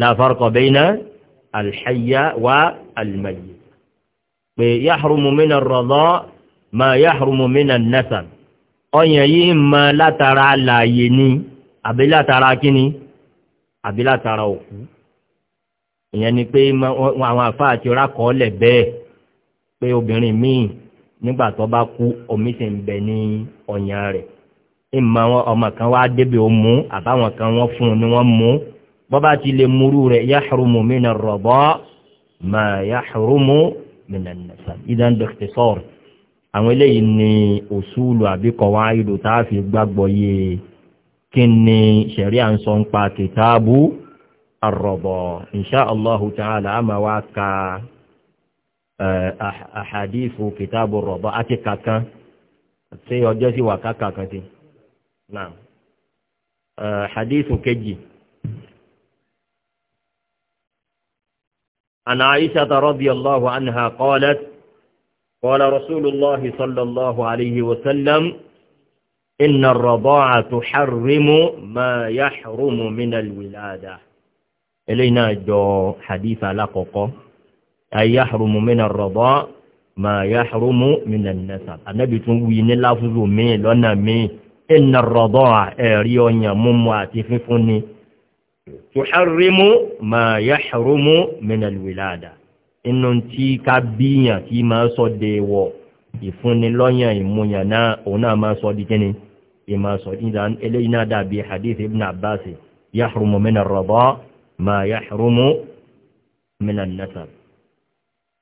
láfarukọ̀ bẹ́yìn náà alṣayá wà almẹ̀yìta. pé yá àrùmù mi nà rọ̀bọ́ máa yá àrùmù mi nà nẹ́sàbì. ọyàn yìí ma látara láàyè ni àbí látara kíni àbí látara òkú ìyẹn ni pé àwọn àfa àti rákọ̀ọ́ lẹ̀ bẹ́ẹ̀ pé obìnrin míì nígbà tó bá kú omi sì ń bẹ ní ọ̀yàn rẹ̀ ìmọ̀ ọmọ kan wá débi ó mú àbáwọn kan wọ́n fún un ni wọ́n mú bọ́bá ti lè múrú rẹ̀ yáhùrùmù mìnà rọ̀bọ́ mà yáhùrùmù mìnà nàṣà ìdán dọ̀kítì sọ̀rọ̀ àwọn eléyìí ni òṣùlù àbíkọ̀ wá ìlú tá a fi gbàgbọ́ yé kí ni sẹ̀rí à ń sọ ń pa kìtáàbù الرضا إن شاء الله تعالى أما وكا آه، أحاديث كتاب الرضا أتكاكا سيوجسي وكاكاكا نعم آه، حديث كجي عن عائشة رضي الله عنها قالت قال رسول الله صلى الله عليه وسلم إن الرضاعة تحرم ما يحرم من الولادة eléyìí náà jọ hadith alákọ̀ọ́kọ́ ayáhùrùmù mìíràn rọ̀bọ́ mà ayáhùrùmù mìíràn nẹ́sà anábì tún wuyi ní láfúrú mi lọ́nà mi ìnà rọ̀bọ́ ẹ̀rí ọyàn múmu àti fífún ni tuharimu mà ayáhùrùmù mìíràn wìláàdà inú tí ká bíyàn tí máa sọ de wọ̀ ìfúnni lọ́yàn ìmúyàn náà òun náà máa sọ di kíni ìmọ̀ sọ ìdán eléyìí náà dàbí hadith ibn abbas yahrumu mìíràn rọ̀bọ́ ما يحرم من النسب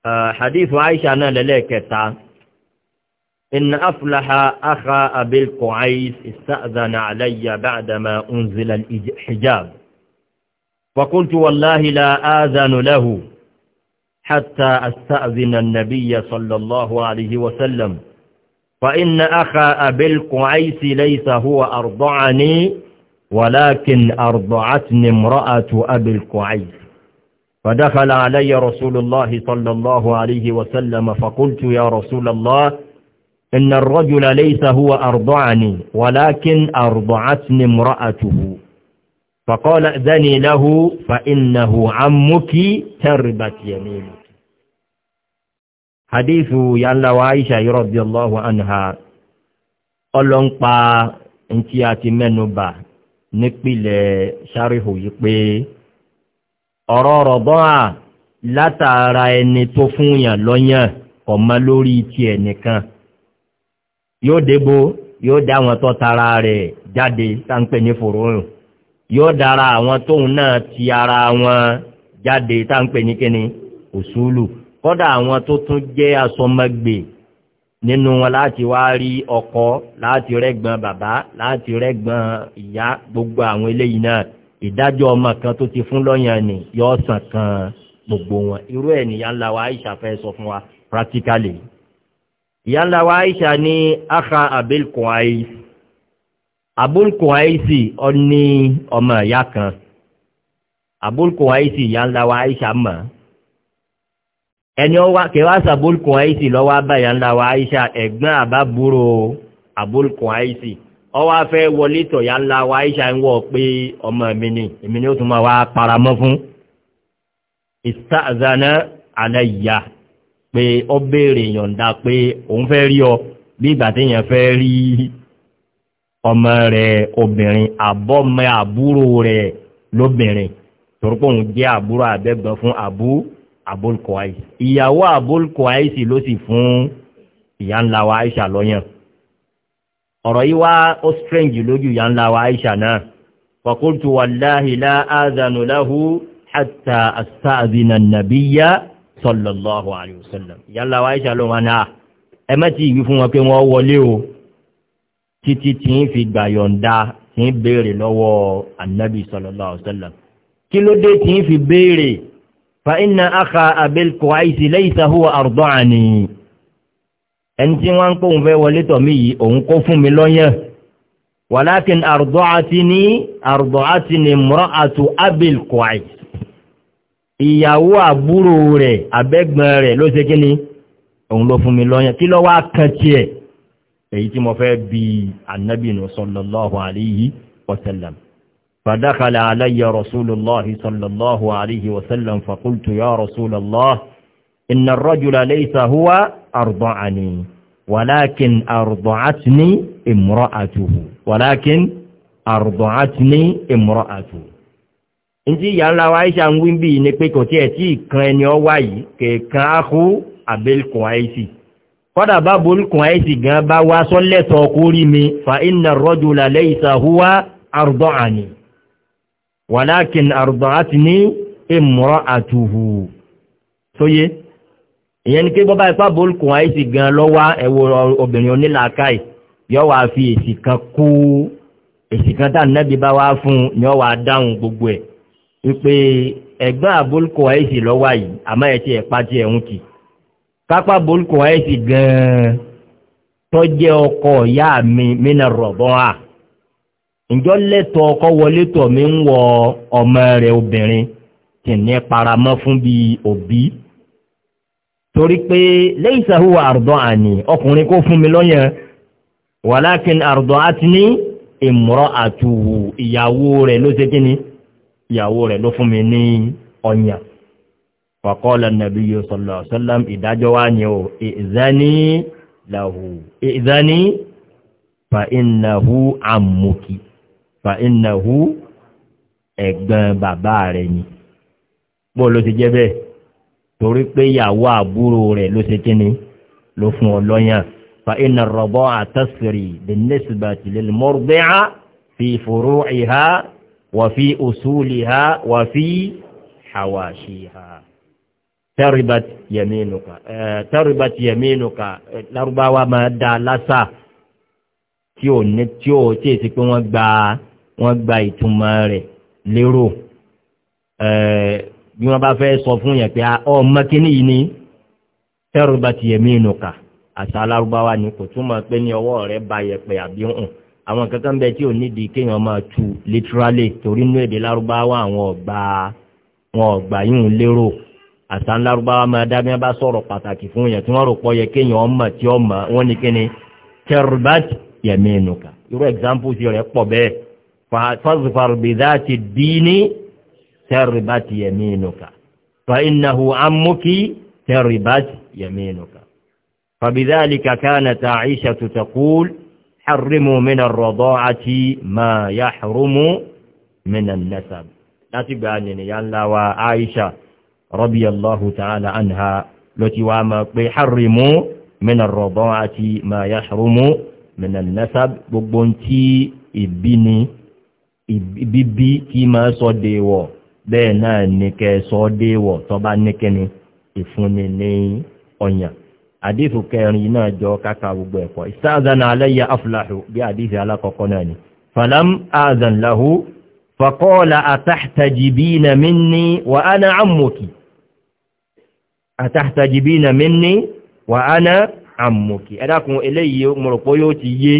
آه، حديث عائشة أنا لليكتا إن أفلح أخا أبي القعيس استأذن علي بعدما أنزل الحجاب فقلت والله لا آذن له حتى أستأذن النبي صلى الله عليه وسلم فإن أخا أبي القعيس ليس هو أرضعني ولكن أرضعتني امرأة أبي الكعيب فدخل علي رسول الله صلى الله عليه وسلم فقلت يا رسول الله إن الرجل ليس هو أرضعني ولكن أرضعتني امرأته فقال أذني له فإنه عمك تربت يمينك حديث يالا وعيشة رضي الله عنها قال لنقى انتياتي بعد nípìlẹ̀ sáríhù yìí pé ọ̀rọ̀ rọ̀bọ́n à látara ẹni tó fún yàn lọ́yàn ọ̀mọ lórí ti ẹ̀nìkan yóò débò yóò dá àwọn tó tara rẹ̀ jáde táǹpẹ̀ ní fòrónù yóò dára àwọn tóun náà ti ara wọn jáde táǹpẹ̀ ní kíni òṣùlù kọ́dà àwọn tó tún jẹ́ asọmọgbè nínú wọn láti wá rí ọkọ láti rẹ́gbọ́n bàbá láti rẹ́gbọ́n ìyá gbogbo àwọn eléyìí náà ìdájọ́ ọmọ kan tó ti fún lọ́yàn ni yọ sàn kan gbogbo wọn irú ẹ̀ ni yànlá aisha fẹ́ sọ fún wa practically yànlá wa aisha ní aka abel kuwais abul kuwaisi ọ ní ọmọ ìyá kan abul kuwaisi yànlá wa aisha mọ̀ ẹni ọwá kẹwàá sàbólkùn àìsì lọ́wọ́ abáyà ńlá wa aisha ẹ̀gbọ́n àbábúrò àbólkùn àìsì ọwá fẹ́ wọlé tọ̀yà ńlá wa aisha ń wọ̀ pé ọmọ mi ni èmi ni ó tún máa wá paramọ́ fún ìsàzánà aláìyá pé ó béèrè yọ̀ǹda pé òun fẹ́ rí ọ bí ìgbà tí yẹn fẹ́ rí ọmọ rẹ̀ obìnrin àbọ́mọ àbúrò rẹ̀ lóbìnrin torípò òun jẹ́ àbúrò àbẹ́gbọ̀n fún àbúrò abulko aisha ìyàwó abulko aisha ló sì fún ìyá ńlá wa aisha lọ́yàn ọ̀rọ̀ yìí wá ó strange lójú ìyá ńlá wa aisha náà fakultu wàláhi la azanu lahu hatta astaazina nabiya sallallahu alayhi wa sallam ìyá ńlá wa aisha ló wà náà ẹ má ti wí fún wọn pé wọ́n wọlé o títí tí ń fi gbà tí ń béèrè lọ́wọ́ annabi sallallahu alayhi wa sallam kí ló dé tí ń fi béèrè فإن أخا أبي القعيس ليس هو أرضعني ẹni tí wọ́n ń kó òun fẹ́ wọlé tọ̀mí yìí òun kó fún mi lọ́yàn wàlákin àrùdọ́àtì ní àrùdọ́àtì ní mọ́ràtù abil kwai ìyàwó àbúrò rẹ̀ abẹ́gbọ̀n rẹ̀ ló ṣe kí ni òun ló fún mi lọ́yàn kí ló wá kan tiẹ̀ èyí tí mo fẹ́ bi anabinu sallallahu alayhi wa sallam فدخل علي رسول الله صلى الله عليه وسلم فقلت يا رسول الله إن الرجل ليس هو أرضعني ولكن أرضعتني امرأته ولكن أرضعتني امرأته nti ìyá ńlá wa aisha ń wín bíi ni pé kò tí ẹ̀ tí ìkan ẹni ọwá yìí kẹ̀ẹ̀kan áhù abelkun aisi kọ́dà bá bolkun aisi gan bá wá sọ́lẹ̀tọ̀ kórí mi fa iná rọ́jùlá lẹ́yìn sàhúwá àrùdọ́ àní wàlákin àrùbọ̀átì ní ìmúra àtùhù tó yé ìyẹn ni pé bọ́bá ipá bólkù àìsí gan lọ́wọ́ ẹ̀wọ̀ obìnrin onílàákàì yóò wá fi èsì kan kú èsì kan tá nẹ́bí bá wá fún un ni ó wá dáhùn gbogbo ẹ̀ wípé ẹ̀gbọ́n àbólkù àìsí lọ́wọ́ yìí àmọ́ ẹ̀ tí ẹ̀ pa tí ẹ̀ ń kì kápá bólkù àìsí gan-an tọ́jẹ́ ọkọ̀ ìyá mi mí ǹjọ́ lẹ́tọ̀ ọkọ wọlé tọ̀ mi ń wọ ọmọ rẹ̀ obìnrin kì ní paramọ́ fún bí òbí torí pé lẹ́yìn sàhúwà àrùdọ́ àní ọkùnrin kó fún mi lọ́yàn wàlákin àrùdọ́ àti ní ìmọ̀rọ̀ àtùwù ìyàwó rẹ̀ ló ṣe kíni ìyàwó rẹ̀ ló fún mi ní ọ̀yàn wàkọ́ọ̀lá nàbí yóò sọ̀lọ̀ sọ́lám ìdájọ́ wá ní o ìzáni làhù ìzáni fa ìnáhù àmùkì fa ìnáwó ẹ̀gbọ́n bàbá rẹ̀ ni bó ló ti jẹ́ bẹ́ẹ̀ torí pé ìyàwó àbúrò rẹ̀ ló ṣe kíni ló fún ọ lọ́yàn fa iná rọ̀bọ́ àtàsírì bẹ̀nẹ́sìbà tìlẹ̀ mọ́rùbẹ́à fi fòrò ìhá wà fi òṣùlì ha wà fi hàwàṣì ha tẹ́rìbàt yẹ̀mínúkà lárúbáwá máa dá lásà tí ò ní tí ò tí èsì pé wọ́n gba wọ́n gba ìtumọ̀ rẹ̀ lérò bí wọ́n bá fẹ́ sọ fún yẹn pé ọmọ kíní yìí ni tẹ́rù bá ti yẹmí inú kà àṣà alárúbáwá ni kò túmọ̀ pé ní ọwọ́ rẹ̀ bá yẹpẹ̀ àbí hàn àwọn kankan bẹ tí ò nídìí kéèyàn máa tu literally torí inú èdè lárúbáwá àwọn ọgbà wọn ọgbà yìí ń lérò àṣà lárúbáwá máa dá bí wọ́n bá sọ̀rọ̀ pàtàkì fún yẹn tí wọ́n rò pọ̀ yẹ kéèyàn ọmọ tí ọmọ wọn ni kíni tẹ́rù bá yẹmí inú kà irú examples yẹn rẹ̀ pọ̀ bẹ́ẹ̀ فاظفر بذات الدين تربت يمينك فإنه عمك تربت يمينك فبذلك كانت عائشة تقول حرموا من الرضاعة ما يحرم من النسب نتبع عن يلا وعائشة رضي الله تعالى عنها التي وما حرموا من الرضاعة ما يحرم من النسب ببنتي ابني bíbí kí máa sọ déwọ̀ bẹ́ẹ̀ náà ní kẹ́ sọ déwọ̀ tó bá ní kíni ìfúnni ní ọ̀yàn àdífù kẹrin náà jọ káka gbogbo ẹ̀kọ́ ìsáàzánà aláyà afúláhù bí àdífì alákọ̀ọ́kọ́ náà ni falam azan lahu fakọ́ọ̀lá àtàtàjìbínà minni wa ana ammuki àtàtàjìbínà minni wa ana ammuki ẹ̀dàkùn eléyìí mọ̀rọ̀pọ̀ yóò ti yé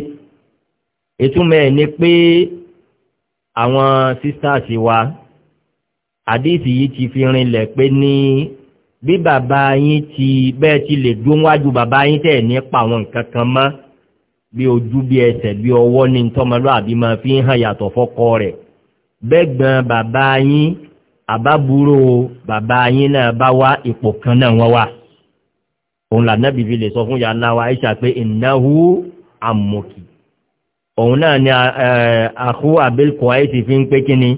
ìtumẹ̀ ni pé àwọn sisters wa àdéhìsì yìí ti fi rinlẹ̀ pé ní bí bàbá yín ti bẹ́ẹ̀ ti lè dún wájú bàbá yín tẹ̀ nípa àwọn nǹkan kan mọ́ bí ojú bí ẹsẹ̀ bí ọwọ́ ní tọ́mọlúàbí máa fi ń hàn yàtọ̀ fọ́kọ rẹ̀ bẹ́gbọ́n bàbá yín àbábúrò bàbá yín náà bá wá ipò kan náà wọ́n wà òun làdínàbí fi lè sọ fún yàrá wa aisha pé ìnáwó àmọ̀kì òun náà ni eh, àkú àbílkọ̀ ayé ti fi ń pé kíni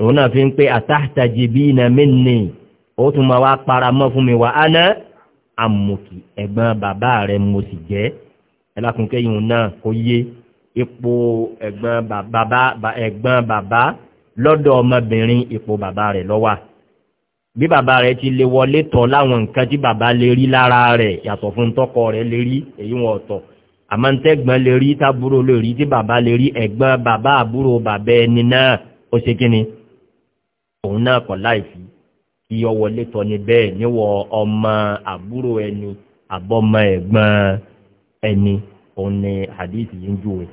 òun náà fi ń pé àtàtàjì bí iná mẹ́ni ó tún ma wá para mọ́ fún mi wà á ná àmùkì ẹ̀gbọ́n bàbá rẹ̀ mo sì jẹ́ ẹlákùnkẹ́yìn náà kó yé ipò ẹ̀gbọ́n bàbá lọ́dọ̀ ọmọbìnrin ipò bàbá rẹ̀ lọ́wà bí bàbá rẹ̀ ti lè wọlé tọ́ láwọn nǹkan tí bàbá lè rí lára rẹ̀ yàtọ̀ fún tọ́kọ rẹ̀ lè rí èyí wọn ọ̀tọ̀ àmọ́ ń tẹ́gbọ́n lè rí tábúrò lè rí tí bàbá lè rí ẹ̀gbọ́n bàbá àbúrò bàbá ẹni náà ó ṣe kí ni òun náà kọ̀ láìfi kí ọ wọlé tọ́ ni bẹ́ẹ̀ níwọ̀ ọmọ àbúrò ẹni àbọ́mọ ẹ̀gbọ́n ẹni òun ni hadith yìí ń júwe.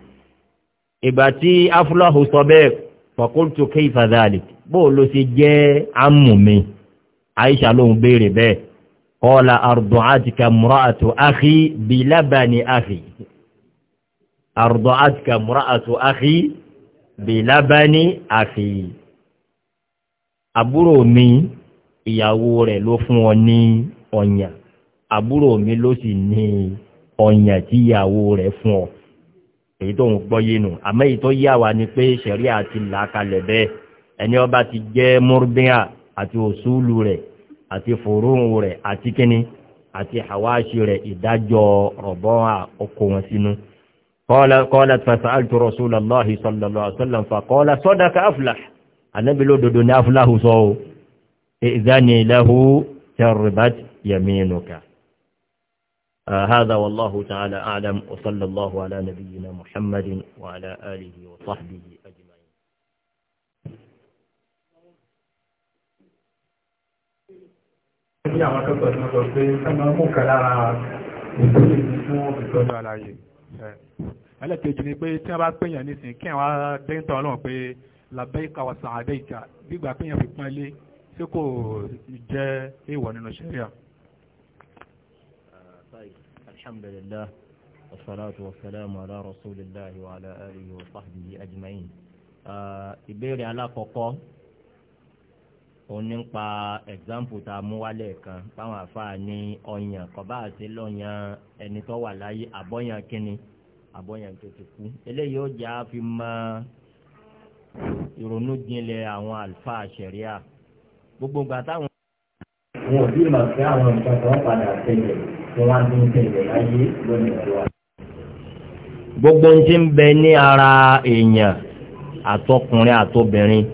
ìgbà tí afúláhù sọ bẹ́ẹ̀ fọkúrútù kéfà dáàlì bó ló ṣe jẹ́ ámù mi àìsà lóhun béèrè bẹ́ẹ̀ kọ́lá àrùdùn àti kàmúrà àtò àfi bílábàá ni àfi àrùdọ̀ àtìkà múra àtò àfi bìlábání àfi àbúrò mi ìyàwó rẹ̀ ló fún ọ ní ọ̀yàn àbúrò mi ló sì ní ọ̀yàn tí ìyàwó rẹ̀ fún ọ èyí tó ń gbọ́ yé nu àmọ́ èyí tó yà wá ni pé sẹ̀rí àti làákalẹ̀ bẹ́ẹ̀ ẹni ọba ti jẹ́ mọ́rúbíà àti òṣùlù rẹ̀ àti fòróhùn rẹ̀ àti kínní àti àwáṣe rẹ̀ ìdájọ́ rọ̀bọ́n àkókò sínú. قال قالت فسألت رسول الله صلى الله عليه وسلم فقال صدق أفلح النبي لو دودنا أفلح صو إذن له تربت يمينك آه، هذا والله تعالى أعلم وصلى الله على نبينا محمد وعلى آله وصحبه أجمعين ní àwọn akẹ́kọ̀ọ́ tí wọ́n sọ pé ẹ máa mú kàlára ìdúró ìdúró ìtọ́jú àlàyé ẹlẹ́kejì ni pé tí wọ́n bá pèèyàn nísìnyí kí wọ́n á dẹ́ńtọ́ ọlọ́run pé labẹ́ìka wà sàádẹ́ìka gbígbà pèèyàn fi pọ́n ilé tí kò jẹ́ èèwọ̀ nínú ṣẹ́ríà. alhamdulillah wasalaatu wasalaamu ala rasulillah wa ala alihi wa sahbihi ajma'in. ìbéèrè alákọ̀ọ́kọ́ òní ń pa ẹ̀gbáǹpù tá a mú wálé kan báwọn àfáà ní ọ̀yàn kọ́ bá àti lọ́yàn ẹni tó wà láyé àbọ̀yàn kínni àbọ̀yàn tó ti kú eléyìí ó jẹ́ àfi mọ ìrònú jinlẹ̀ àwọn àlùfáà ṣẹ̀ríà gbogbo ìgbà táwọn. wọn ò bí mà pé àwọn nǹkan kan padà tẹ̀lé tí wọ́n á ní tẹ̀lé láyé lónìí ìjọba. gbogbo ń ti ń bẹ ní ara èèyàn àtọkùnrin àtobìnrin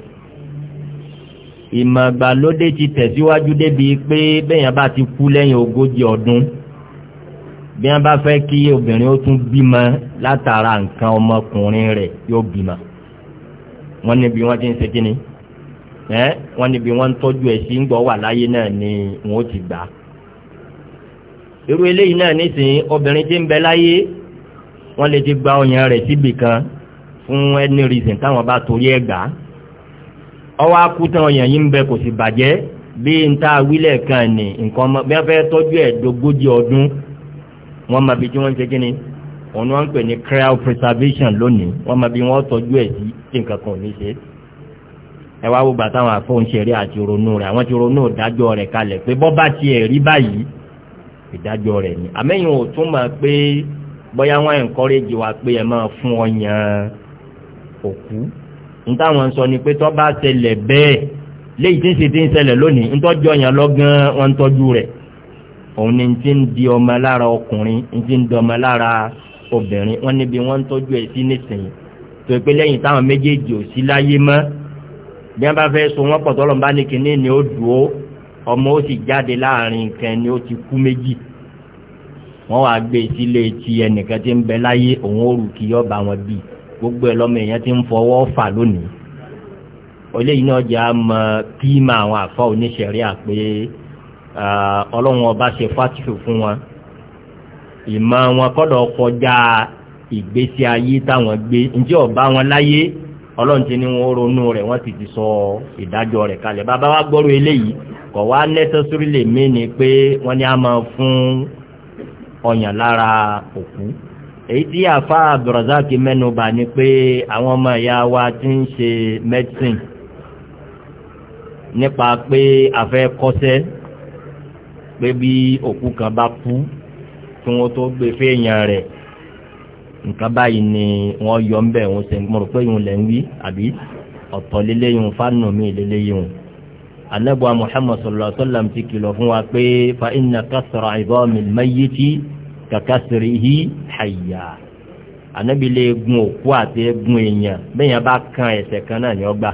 ìmọ̀ ìgbàlódé ti tẹ̀síwájú débi pé bẹ́yàn bá ti kú lẹ́yìn ogójì ọdún bí wọ́n bá fẹ́ kí obìnrin ó tún bímọ látara nǹkan ọmọkùnrin rẹ̀ yóò bímọ wọ́n níbi wọ́n ti ń ṣe kíni ẹ́ wọ́n níbi wọ́n ń tọ́jú ẹ̀ sí ń gbọ́ wà láyé náà ni wọ́n ti gbà á irú eléyìí náà nísìnyí obìnrin tí ń bẹ láyé wọ́n lè ti gba ọyàn rẹ̀ síbì kan fún ẹni reason táwọn bá torí ẹ̀ gbà á ọwọ́ akútàn ọyàn yìí ń bẹ kò sì bàjẹ́ bí n ta wílẹ̀ kan ní nǹkan ọmọ bí wọ́n fẹ́ tọ́jú ẹ̀ dógójì ọdún wọ́n máa bí tí wọ́n ń ṣe kí ni òun wọ́n ń pè ní cryopreservation lónìí wọ́n máa bí wọ́n tọ́jú ẹ̀ sí tí nǹkan kan ò ní ṣe ẹ wá gbogbo àtàwọn àfọ̀nṣeré àti ronú rẹ̀ àwọn ti ronú ìdájọ́ rẹ̀ kalẹ̀ pé bọ́ bá tiẹ̀ rí báyìí ìdájọ́ rẹ̀ ni àmẹ́yìn ò tún máa pé bóyá wọ́n encourage wa pé ẹ máa fún ọyàn òkú ntáwọn sọ ni pé tọ́ bá ṣẹlẹ̀ bẹ́ẹ̀ léyìí tí ń ṣe ti ń ṣẹlẹ̀ lónìí ntọ́jú ọyàn lọ́gán wọn ń tọ́jú rẹ̀ òun ni ti ń di ọmọ lára ọkùnrin ti ń di ọmọ lára obìnrin wọn níbi wọn ń tọ́jú ẹ̀ sí nísìnyí tó pé lẹ́yìn táwọn méjèèjì ò sí láyé mọ́ bí wọ́n bá fẹ́ so wọ́n pọ̀ tọ́lọ̀ bá ní kinní ni ó dùn ó ọmọ ó sì jáde láàrin nǹkan ni ó ti kú méjì wọ́n wàá gbé e sílé ti ẹnìkan tí ń bẹ láyé òun ó rù kí ọba wọn bì gbogbo ẹ̀ lọ́mọ èèyàn ti ń fọwọ́ fà lónìí eléyìí náà jẹ́ àmọ́ kí mà àwọn àfọ́ oníṣẹ̀rí àpé Ah, ọlọ́run ọba ṣe fátìfù fún wọn ìmọ̀ wọn kọ́dọ̀ kọjá ìgbésí ayé táwọn gbé ǹjẹ́ ọba wọn láyé ọlọ́run ti ní wọn ronú rẹ̀ wọ́n ti ti sọ ìdájọ́ rẹ̀ kalẹ̀ bàbá wa gbọ́rọ̀ eléyìí kọ̀ wá nẹ́sẹ̀sórí lè mí ni pé wọ́n ní a máa fún ọyàn lára òkú èyí tí àfa abdulrasaki mẹ́nuba ni pé àwọn ọmọ ìyá wa ti ń ṣe medicine nípa pé a fẹ́ kọ́ṣẹ́ pé bí òkú kan bá kú kí wọ́n tó gbé fẹ́yàn rẹ̀ nǹkan báyìí ni wọ́n yọ ń bẹ̀ wọ́n ṣe mo rò pé yìí lẹ̀ ń wí àbí ọ̀tọ̀ lélẹ́yìn fánù mi lélẹ́yìn anabuwa muhammad sallallahu alaihi wa sallam ti kìlọ̀ fún wa pé fa inna kasra ibami mayiti ka kasrihi hayya anabi lè gun òkú àti gun èèyàn bẹ́ẹ̀ yẹn bá kan ẹ̀sẹ̀ kan náà ni ọ gbà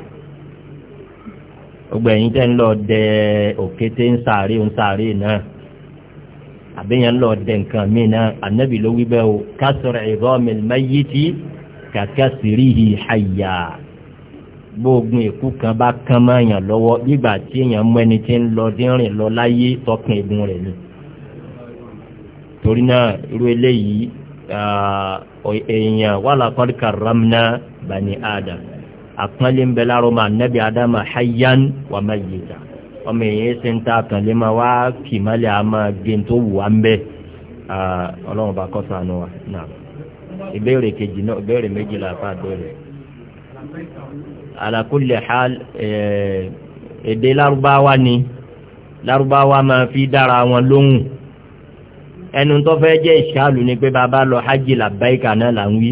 gbogbo ẹ̀yin tẹ́ ń lọ dẹ òkété ń sàárè ń sàárè náà àbẹ̀yẹn ń lọ dẹ nǹkan mí náà ànábì ló wí bẹ́ẹ̀ o kásìrì ìrọ́mi mẹ́yìtì kàkásìrì yìí àyà gbóògùn èkú kan bá kán mọ́ èèyàn lọ́wọ́ nígbà tí èèyàn mú ẹni tí ń lọ dínrìn lọ láyé tọkàn egun rẹ̀ ni torí náà irú eléyìí èèyàn wàlàkọ́ríkà ramna bani adam àpọ́nlé ń bẹ lára ọmọ ànábì adama hayyan wà má yìíta ọmọ èyí ṣe ń ta àkànlé máa wá kì mọ́lẹ̀ a máa gé tó wù wá ń bẹ́ ọlọ́run bá kọ́ sànù wa náà ìbéèrè kejì náà ìbéèrè méjì làpá àbẹ̀rẹ̀ àlàkùlẹ̀ hal èdè lárúbáwá ni lárúbáwá máa fi dára wọn lóhùn ẹnu tó fẹ́ jẹ́ ìṣàlù ni pé bàbá lọ hajj làbáyíkà náà là ń wí.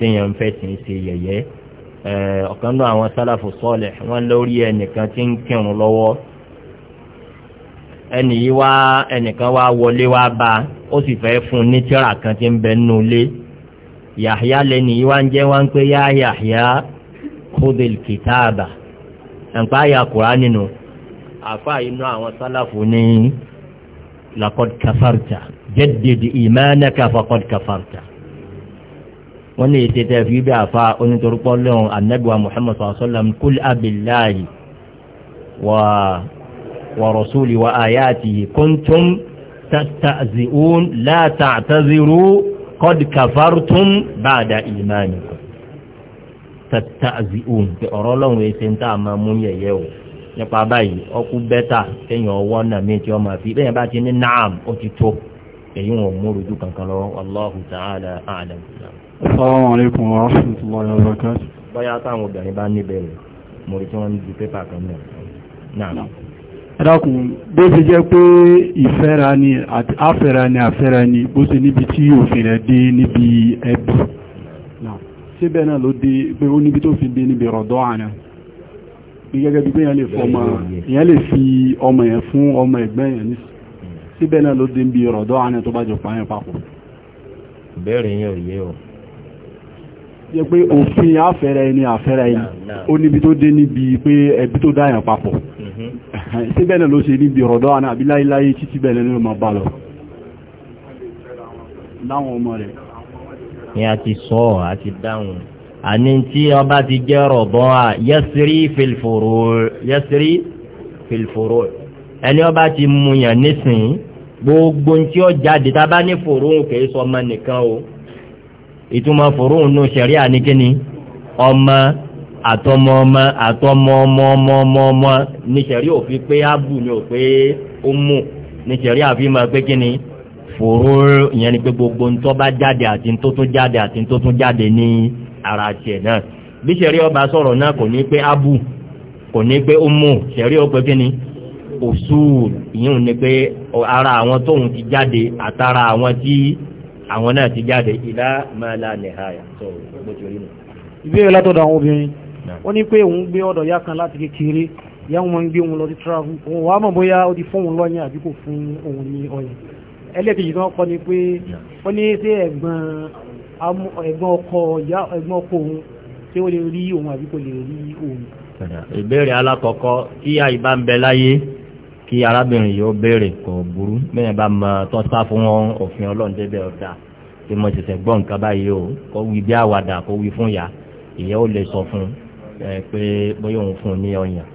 téèyàn ń fẹ́ tì í ṣe yẹ̀yẹ́ ọ̀kan náà àwọn sálàfù sọ́ọ̀lẹ̀ wọ́n lórí ẹnìkan tí ń kírun lọ́wọ́ ẹnì yìí wá ẹnìkan wá wọlé wá bá ó sì fẹ́ fún un ní tíra kan tí ń bẹ nínú ilé yàhíá lẹ́nì yìí wá ń jẹ́ wá ń pé yá yàhíá kódìl kìtáàbà ẹ̀ǹpá yà nínú àfa inú àwọn sálàfù ní lakọ́d kafarta jẹ́dẹ̀dẹ̀ ìmánaka fakọ́d kafarta wọ́n ní ètè tẹ́ fi bí àfa onítorúpọ̀ lẹ́hùn anábìwá muhammad sallam kúl abiláyì wà wà rọ̀súlì wà áyàtì kúntùm tàzíún látàtàzírú kọ́d kàfàrtùm bàdà ìmánikọ̀ tàzíún pé ọ̀rọ̀ lọ́hùn èsì ń tà máa mú yẹ̀yẹ́ o nípa báyìí ọkú bẹ́tà Assalamu alaikum wa rahmatullahi wa barakatuh. Bọ́yá táwọn obìnrin bá níbẹ̀ rẹ̀, mo rí tí wọ́n ń ju pépà kan náà. Ẹ dákun, bó ṣe jẹ́ pé ìfẹ́ra ni àti afẹ́ra ni àfẹ́ra ni bó ṣe níbi tí òfin rẹ̀ dé níbi ẹbí. Síbẹ̀ náà ló dé pé ó níbi tó fi dé níbi rọ̀dọ́ àná. Gẹ́gẹ́ bí pé èèyàn lè fi ọmọ yẹn fún ọmọ ẹ̀gbẹ́ yẹn nísì. Síbẹ̀ náà ló dé níbi rọ̀dọ́ àná tó bá jọ pààyàn papọ̀. Bẹ́ẹ̀rẹ̀ yẹn ò yé o yẹ pé òfin àfẹ́rẹ́ ẹni àfẹ́rẹ́ ẹni ó níbi tó dé níbi pé ẹbí tó dáyàn papọ̀ tí mhm. bẹ́ẹ̀ ló ṣe níbi ọ̀rọ̀dọ́ àná àbí láíláí títí bẹ́ẹ̀ ló máa bá lọ láwọn ọmọ rẹ̀ ni a ti sọ a ti dáhùn àní tí ọba ti jẹ́ rọ̀bọ́ à yẹ́sírí fìlfòrò yẹ́sírí fìlfòrò ẹni ọba ti mú yàn nísìn gbogbo tí ó jáde tábá ní fòrò kìí sọ ọmọ nìkan o ìtumọ̀ fòrò ònú ṣẹ̀rí àníkíní ọmọ àtọmọ ọmọ àtọmọ ọmọ ọmọ ọmọ ọmọ ní ṣẹ̀rí òfin pé ábù ni ò pé ó mú ní ṣẹ̀rí àfihàn pé kíni fòrò ìyẹn ni pé gbogbo ń tọ́ bá jáde àti ń tó tún jáde àti ń tó tún jáde ní ara tiẹ̀ náà bí ṣẹ̀rí ọba sọ̀rọ̀ náà kò ní pé ábù kò ní pé ó mú ṣẹ̀rí ó pé kíni òṣùwù ìyẹn ò ní pé ara àwọn tóun ti jáde àtara àwọn tí àwọn náà ti jáde ìlà máa la nìhayà tó gbogbo ti rí nù. ìbéèrè látọ̀dọ̀ àwọn obìnrin wọ́n ní pé òun gbé ọ̀dọ̀ ya kan láti kékeré ya wọn gbé òun lọ sí travel òun wàá mọ̀ bóyá ó ti fún lọ́yìn àbí kò fún òun ní ọyàn ẹlẹ́kejì kan kọ́ ni pé wọ́n ní ṣé ẹ̀gbọ́n ẹ̀gbọ́n ọkọ ẹ̀gbọ́n ọkọ òun tí ó lè rí òun àbí kò lè rí òun. ìbéèrè alákọ̀ọ́kọ́ tí àyíbá ń bẹ láyé kí arábìnrin yóò béèrè kò burú bẹ́ẹ̀ bá mọ tọ́sá fún òfin ọlọ́run débẹ̀ ọ̀dà tí mo ṣẹ̀ṣẹ̀ gbọ́ nǹkan báyìí o kó wí bí àwàdà kó wí fún ìyá ìyá ò lè sọ fún ẹ pé bóyá òun fún un ní ọyàn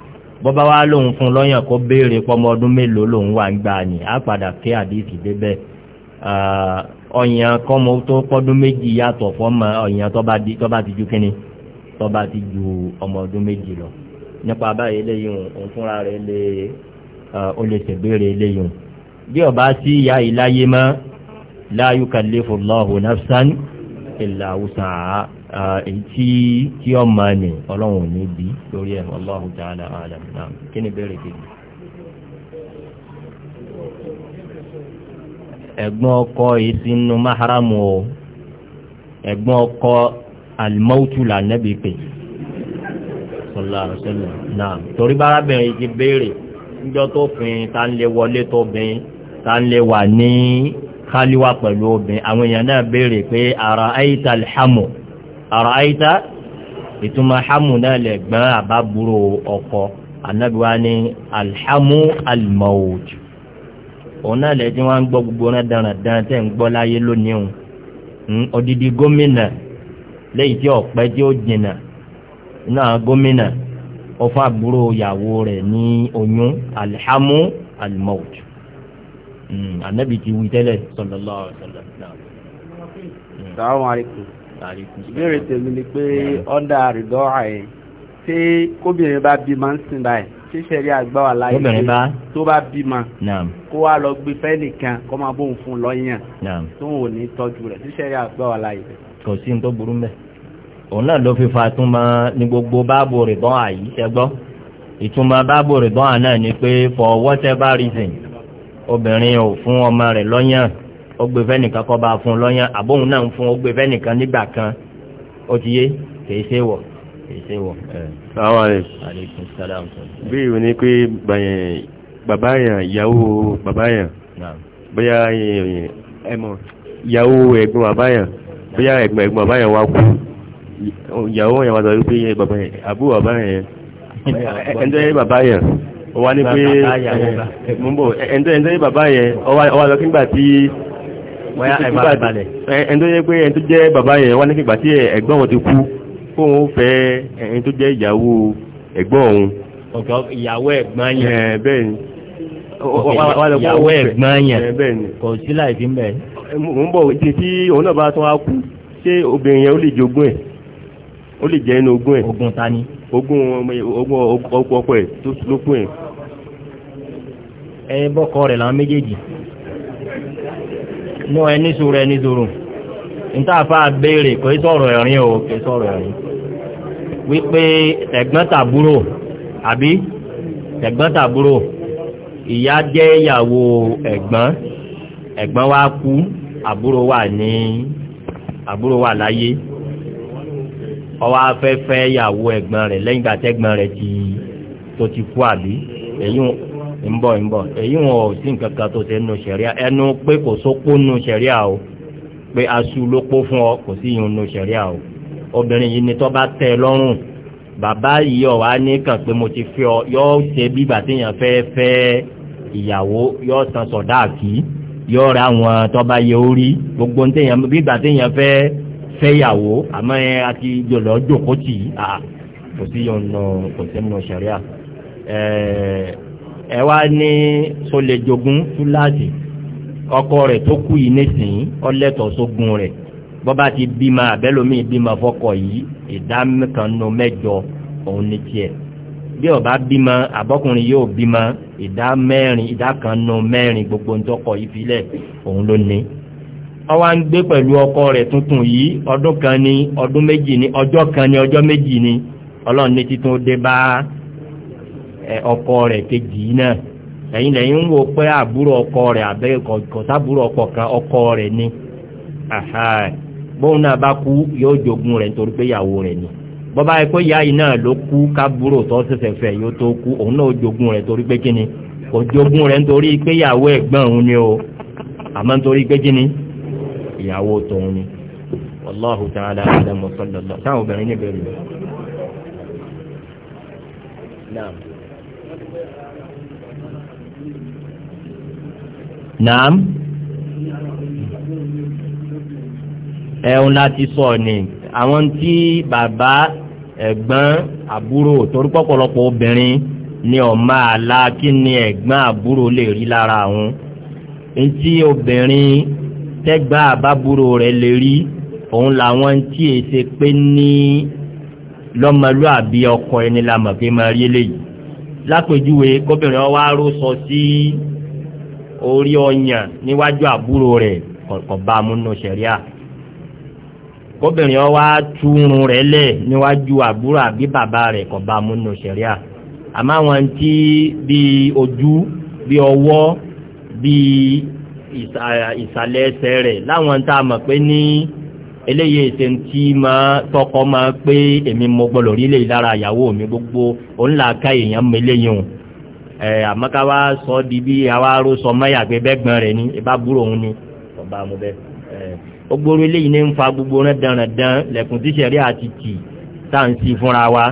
bọ́bá wa lòun fún un lọ́yàn kó béèrè pọ́mọ ọdún mélòó lòun wà ń gbà ní á padà àdéhìí débẹ̀ ọyàn kọ́mọ tó pọ́dún méjì yàtọ̀ fọ́mọ ọyàn tó ti ju kínní tó ti ju ọmọ ọdún méjì lọ nípa báyìí lẹ́yìn òun fúnra rẹ̀ lè ó lè tẹ̀bẹ̀rẹ̀ eléyìí bí ọba tí ìyá ìláyé mọ́ láyú kàlẹ́ fòlọ́hùn nafsan ìlà àwùsà èyí tí ọ máa nì ọlọ́run ní bí lórí ẹ̀ ọlọ́run tààlà àlàmìnà kí ni bẹ̀rẹ̀ kejì ẹ̀gbọ́n ọkọ ìsinú maharamu o ẹ̀gbọ́n ọkọ alimautu là nẹ́bi pè sọlá sọlá náà torí bára bẹ̀rẹ̀ ti béèrè níjọ́ tó fin ta ń lè wọlé tó bin ta ń lè wà ní káliwá pẹ̀lú obìn àwọn èèyàn náà béèrè pé ara aita alhamu ara aita ìtumọ̀ hamu náà lè gbọ́n àbábúrò ọkọ anábíwá ní alhamu almaut òun náà lè tí wọ́n ń gbọ́ gbogbo náà dáradára tẹ́ ń gbọ́ láyé lónìí òun hmm, odidi gómìnà léyìí tí ọ̀pẹ́ tí ó jìnà náà gómìnà ọfọ àbúrò ìyàwó rẹ̀ ní oyún alhamu almaut anabi hmm, ti wí tẹ́lẹ̀ sallallahu alaihi wasallam. Hmm. sàwọn àríkù ìbéèrè tèmi ni pé ọ̀dà àrídọ́ àyè tí kóbìnrin bá bímọ ń sìn báyìí ṣíṣe rí àgbà wà láyé pé tó bá bímọ kó wá lọ gbé fẹ́nìkan kó máa bóun fún lọ́yàn tó ò ní tọ́jú rẹ̀ ṣíṣe rí àgbà wà láyé. kò sí ní tó burú mẹ́ẹ̀ òun náà ló fi fa túnmọ̀ ní gbogbo báàbò rìbọn àyí ṣẹgbọ́ ìtumọ̀ báàbò rìbọn àná ni pé for whatever reason obìnrin ò fún ọmọ rẹ̀ lọ́yàn ó gbé fẹ́nìkan kọ́ bá fún lọ́yàn àbóhun náà ń fún ó gbé fẹ́nìkan nígbà kan ó ti yé kìí ṣe wọ̀ kìí ṣe wọ̀. sáwọn rẹ̀ bí ìwé ni pé bàbá yàn ìyàwó bàbá yàn bóyá ẹmọ ìyàwó ẹ̀gbọ́n bàbá yàn bóyá ẹ̀gbọ́n ẹ̀gbọ́n bàbá yàn wá kú ìyàwó yẹn wà sọ wípé bàbá yẹn àbúrò bàbá yẹn ẹ̀ńtọ́ yẹn bàbá yẹn ó wá ní pé múbò ẹ̀ńtọ́ yẹn bàbá yẹn ó wá lọ kígbà tí ẹ̀ńtọ́ yẹn pé ẹ̀ńtọ́ jẹ́ bàbá yẹn ó wá ní kígbà tí ẹ̀gbọ́n wọn ti kú fóun fẹ́ ẹ̀ńtọ́ jẹ́ ìyàwó ẹ̀gbọ́n òun. ọ̀gá ìyàwó ẹ̀gbọ́n yẹn. bẹ́ẹ̀ ni ìyàwó ẹ̀gbọ́n yẹn kò sí láì fi ń bẹ̀. mo ń bọ̀ tí òun náà bá tún wá kú ṣé obìnrin yẹn ó lè jogún ẹ̀. ó lè jẹ́ inú ogún ẹ̀. ogún ta ni. ogún ogún ogún ọkọ ẹ̀ tó lókun ẹ̀. ẹ bọ́kọ rẹ̀ làwọn méjèèjì ní ọ ẹni sùúrù ẹni sùúrù nítàfà béèrè kò í sọ̀rọ̀ ẹ̀rín o kò í sọ̀rọ̀ ẹ̀rín wípé tẹ̀gbọ́n tàbúrò àbí tẹ̀gbọ́n tàbúrò ìyá jẹ́ ìyàwó ẹ̀gbọ́n ẹ̀gbọ́n wa kú àbúrò wà ní àbúrò wà láyé. ọwọ́ afẹ́fẹ́ yàwó ẹ̀gbọ́n rẹ̀ lẹ́yìn ìgbà tẹ́gbọ́n rẹ̀ ti tó ti kú àbí èyí ń bọ̀ ń bọ̀ èyí wọn ò sí nǹkan kan tó ṣe nù sẹ̀ríà ẹnu pé kò sópó nù sẹ̀ríà o pé aṣu ló pó fún ọ kò sí ìyún nù sẹ̀ríà o obìnrin yìí ni tó bá tẹ ẹ lọ́rùn bàbá yìí ọ̀ wá ní kàn pé mo ti fi ọ yọ ṣe bí ìgbà téèyàn fẹ́ fẹ́ ìyàwó yọ san sọ̀dáàkì yọ ra àwọn tó bá yẹ orí gbogbo téèyàn bí ìgbà téèyàn fẹ́yàwó àmọ́ ẹ àti jọlọ jòkó tì í kò sí ọ̀nà kò sẹ́nu ṣàríà ẹ wá ní sọlẹ̀jogún túláàsì ọkọ rẹ̀ tó kú yìí nísìnyí ọlẹ́tọ̀ sógun rẹ̀ bọ́bá ti bímọ àbẹ́lómi bímọ fọ́kọ yìí ìdá kan mẹ́jọ òun ní tiẹ̀ bí ọba bímọ abọ́kùnrin yóò bímọ ìdá mẹ́rin ìdá kan mẹ́rin gbogbo ń tọkọ ìfilẹ̀ òun ló ní. ọwá ń gbé pẹ̀lú ọkọ rẹ̀ tuntun yìí ọdún kan ní ọdún méjì ní ọjọ́ kan ní ọjọ́ méjì ní ọlọ́run ní títún dé bá ọkọ rẹ̀ kejì náà ẹ̀yìn lẹ́yìn ń wo pé àbúrò ọkọ rẹ̀ àbẹ́ kọ̀tàbúrò ọkọ kan ọkọ rẹ̀ ni bóun náà bá kú yóò jogun rẹ̀ nítorí pé ìyàwó rẹ̀ ni yẹ pé ìyá yìí náà ló kú kábúrò tó fẹ̀ yóò tó kú òun ìyàwó tóun ni wàláhù tààlà àdàmọ̀ sọ́dọ̀lọ́ táwọn obìnrin níbẹ̀ rẹ̀. naam ẹ̀hún láti sọ ni àwọn tí bàbá ẹ̀gbọ́n àbúrò torí pọ̀pọ̀lọpọ̀ obìnrin ni ọ̀ma àlá kí ni ẹ̀gbọ́n àbúrò lè rí lára àwọn ntí obìnrin tẹ́gbà àbábúrò rẹ̀ lè rí òun làwọn tí è ṣe pé ní lọ́mọlúàbí ọkọ ẹni lamọ̀ pé máa rí eléyìí lápèjúwe kóbìnrin ọwọ́ aró sọ sí orí ọyàn níwájú àbúrò rẹ̀ ọ̀bá múnú sẹ̀ríà kóbìnrin ọwọ́ túrun rẹ̀ lẹ̀ níwájú àbúrò àbí bàbá rẹ̀ ọ̀bá múnú sẹ̀ríà àmọ́ àwọn tí bí ojú bí ọwọ́ bí ìsàlẹ̀ ẹsẹ̀ rẹ̀ láwọn tá a mọ̀ pé ní eléyìí ètè tí máa tọkọ máa pé èmi mo gbọ́dọ̀ rí lè lára ìyàwó mi gbogbo òun là ká èèyàn mẹlẹ́yìn o ẹ àmọ́ká wá sọ di bí àwa ró sọ mọ́yà pé bẹ́gbọ́n rẹ̀ ni ìbá búrò òun ni ọba mo bẹ́ gbogbo eléyìí ní ń fa gbogbo rẹ̀ dánradán lẹ́kùn tíṣẹ̀rí àti tì tá à ń sí fúnra wa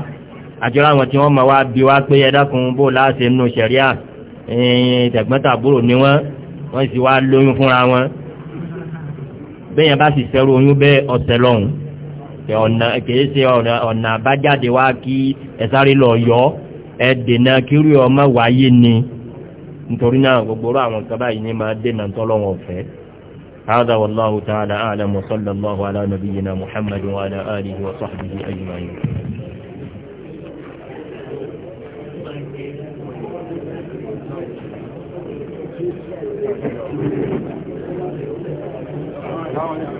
àjọra àwọn tí wọ́n máa wá bí wá pé ẹ dákun bó láàṣẹ nù ṣẹ̀ríà tẹ̀gbọ́n tàbúrò ni wọ́n wọ́n sì wá lóyún fúnra wọn bẹ́yẹn bá sì sẹ́rù oyún bẹ́ẹ̀ ọ̀sẹ̀ lọ́hùn ọ̀nà kìí ṣe ọ̀nà àbájáde wá kí ẹ̀sáré lọ yọ ẹ dènà kírú ọmọ wáyé ni nítorí náà gbogbo àwọn nǹkan báyìí ní máa dènà tọ́lọ́wọ̀n ọ̀fẹ́ هذا والله تعالى أعلم وصلى الله على نبينا محمد وعلى آله وصحبه أجمعين Assalamu alaikum.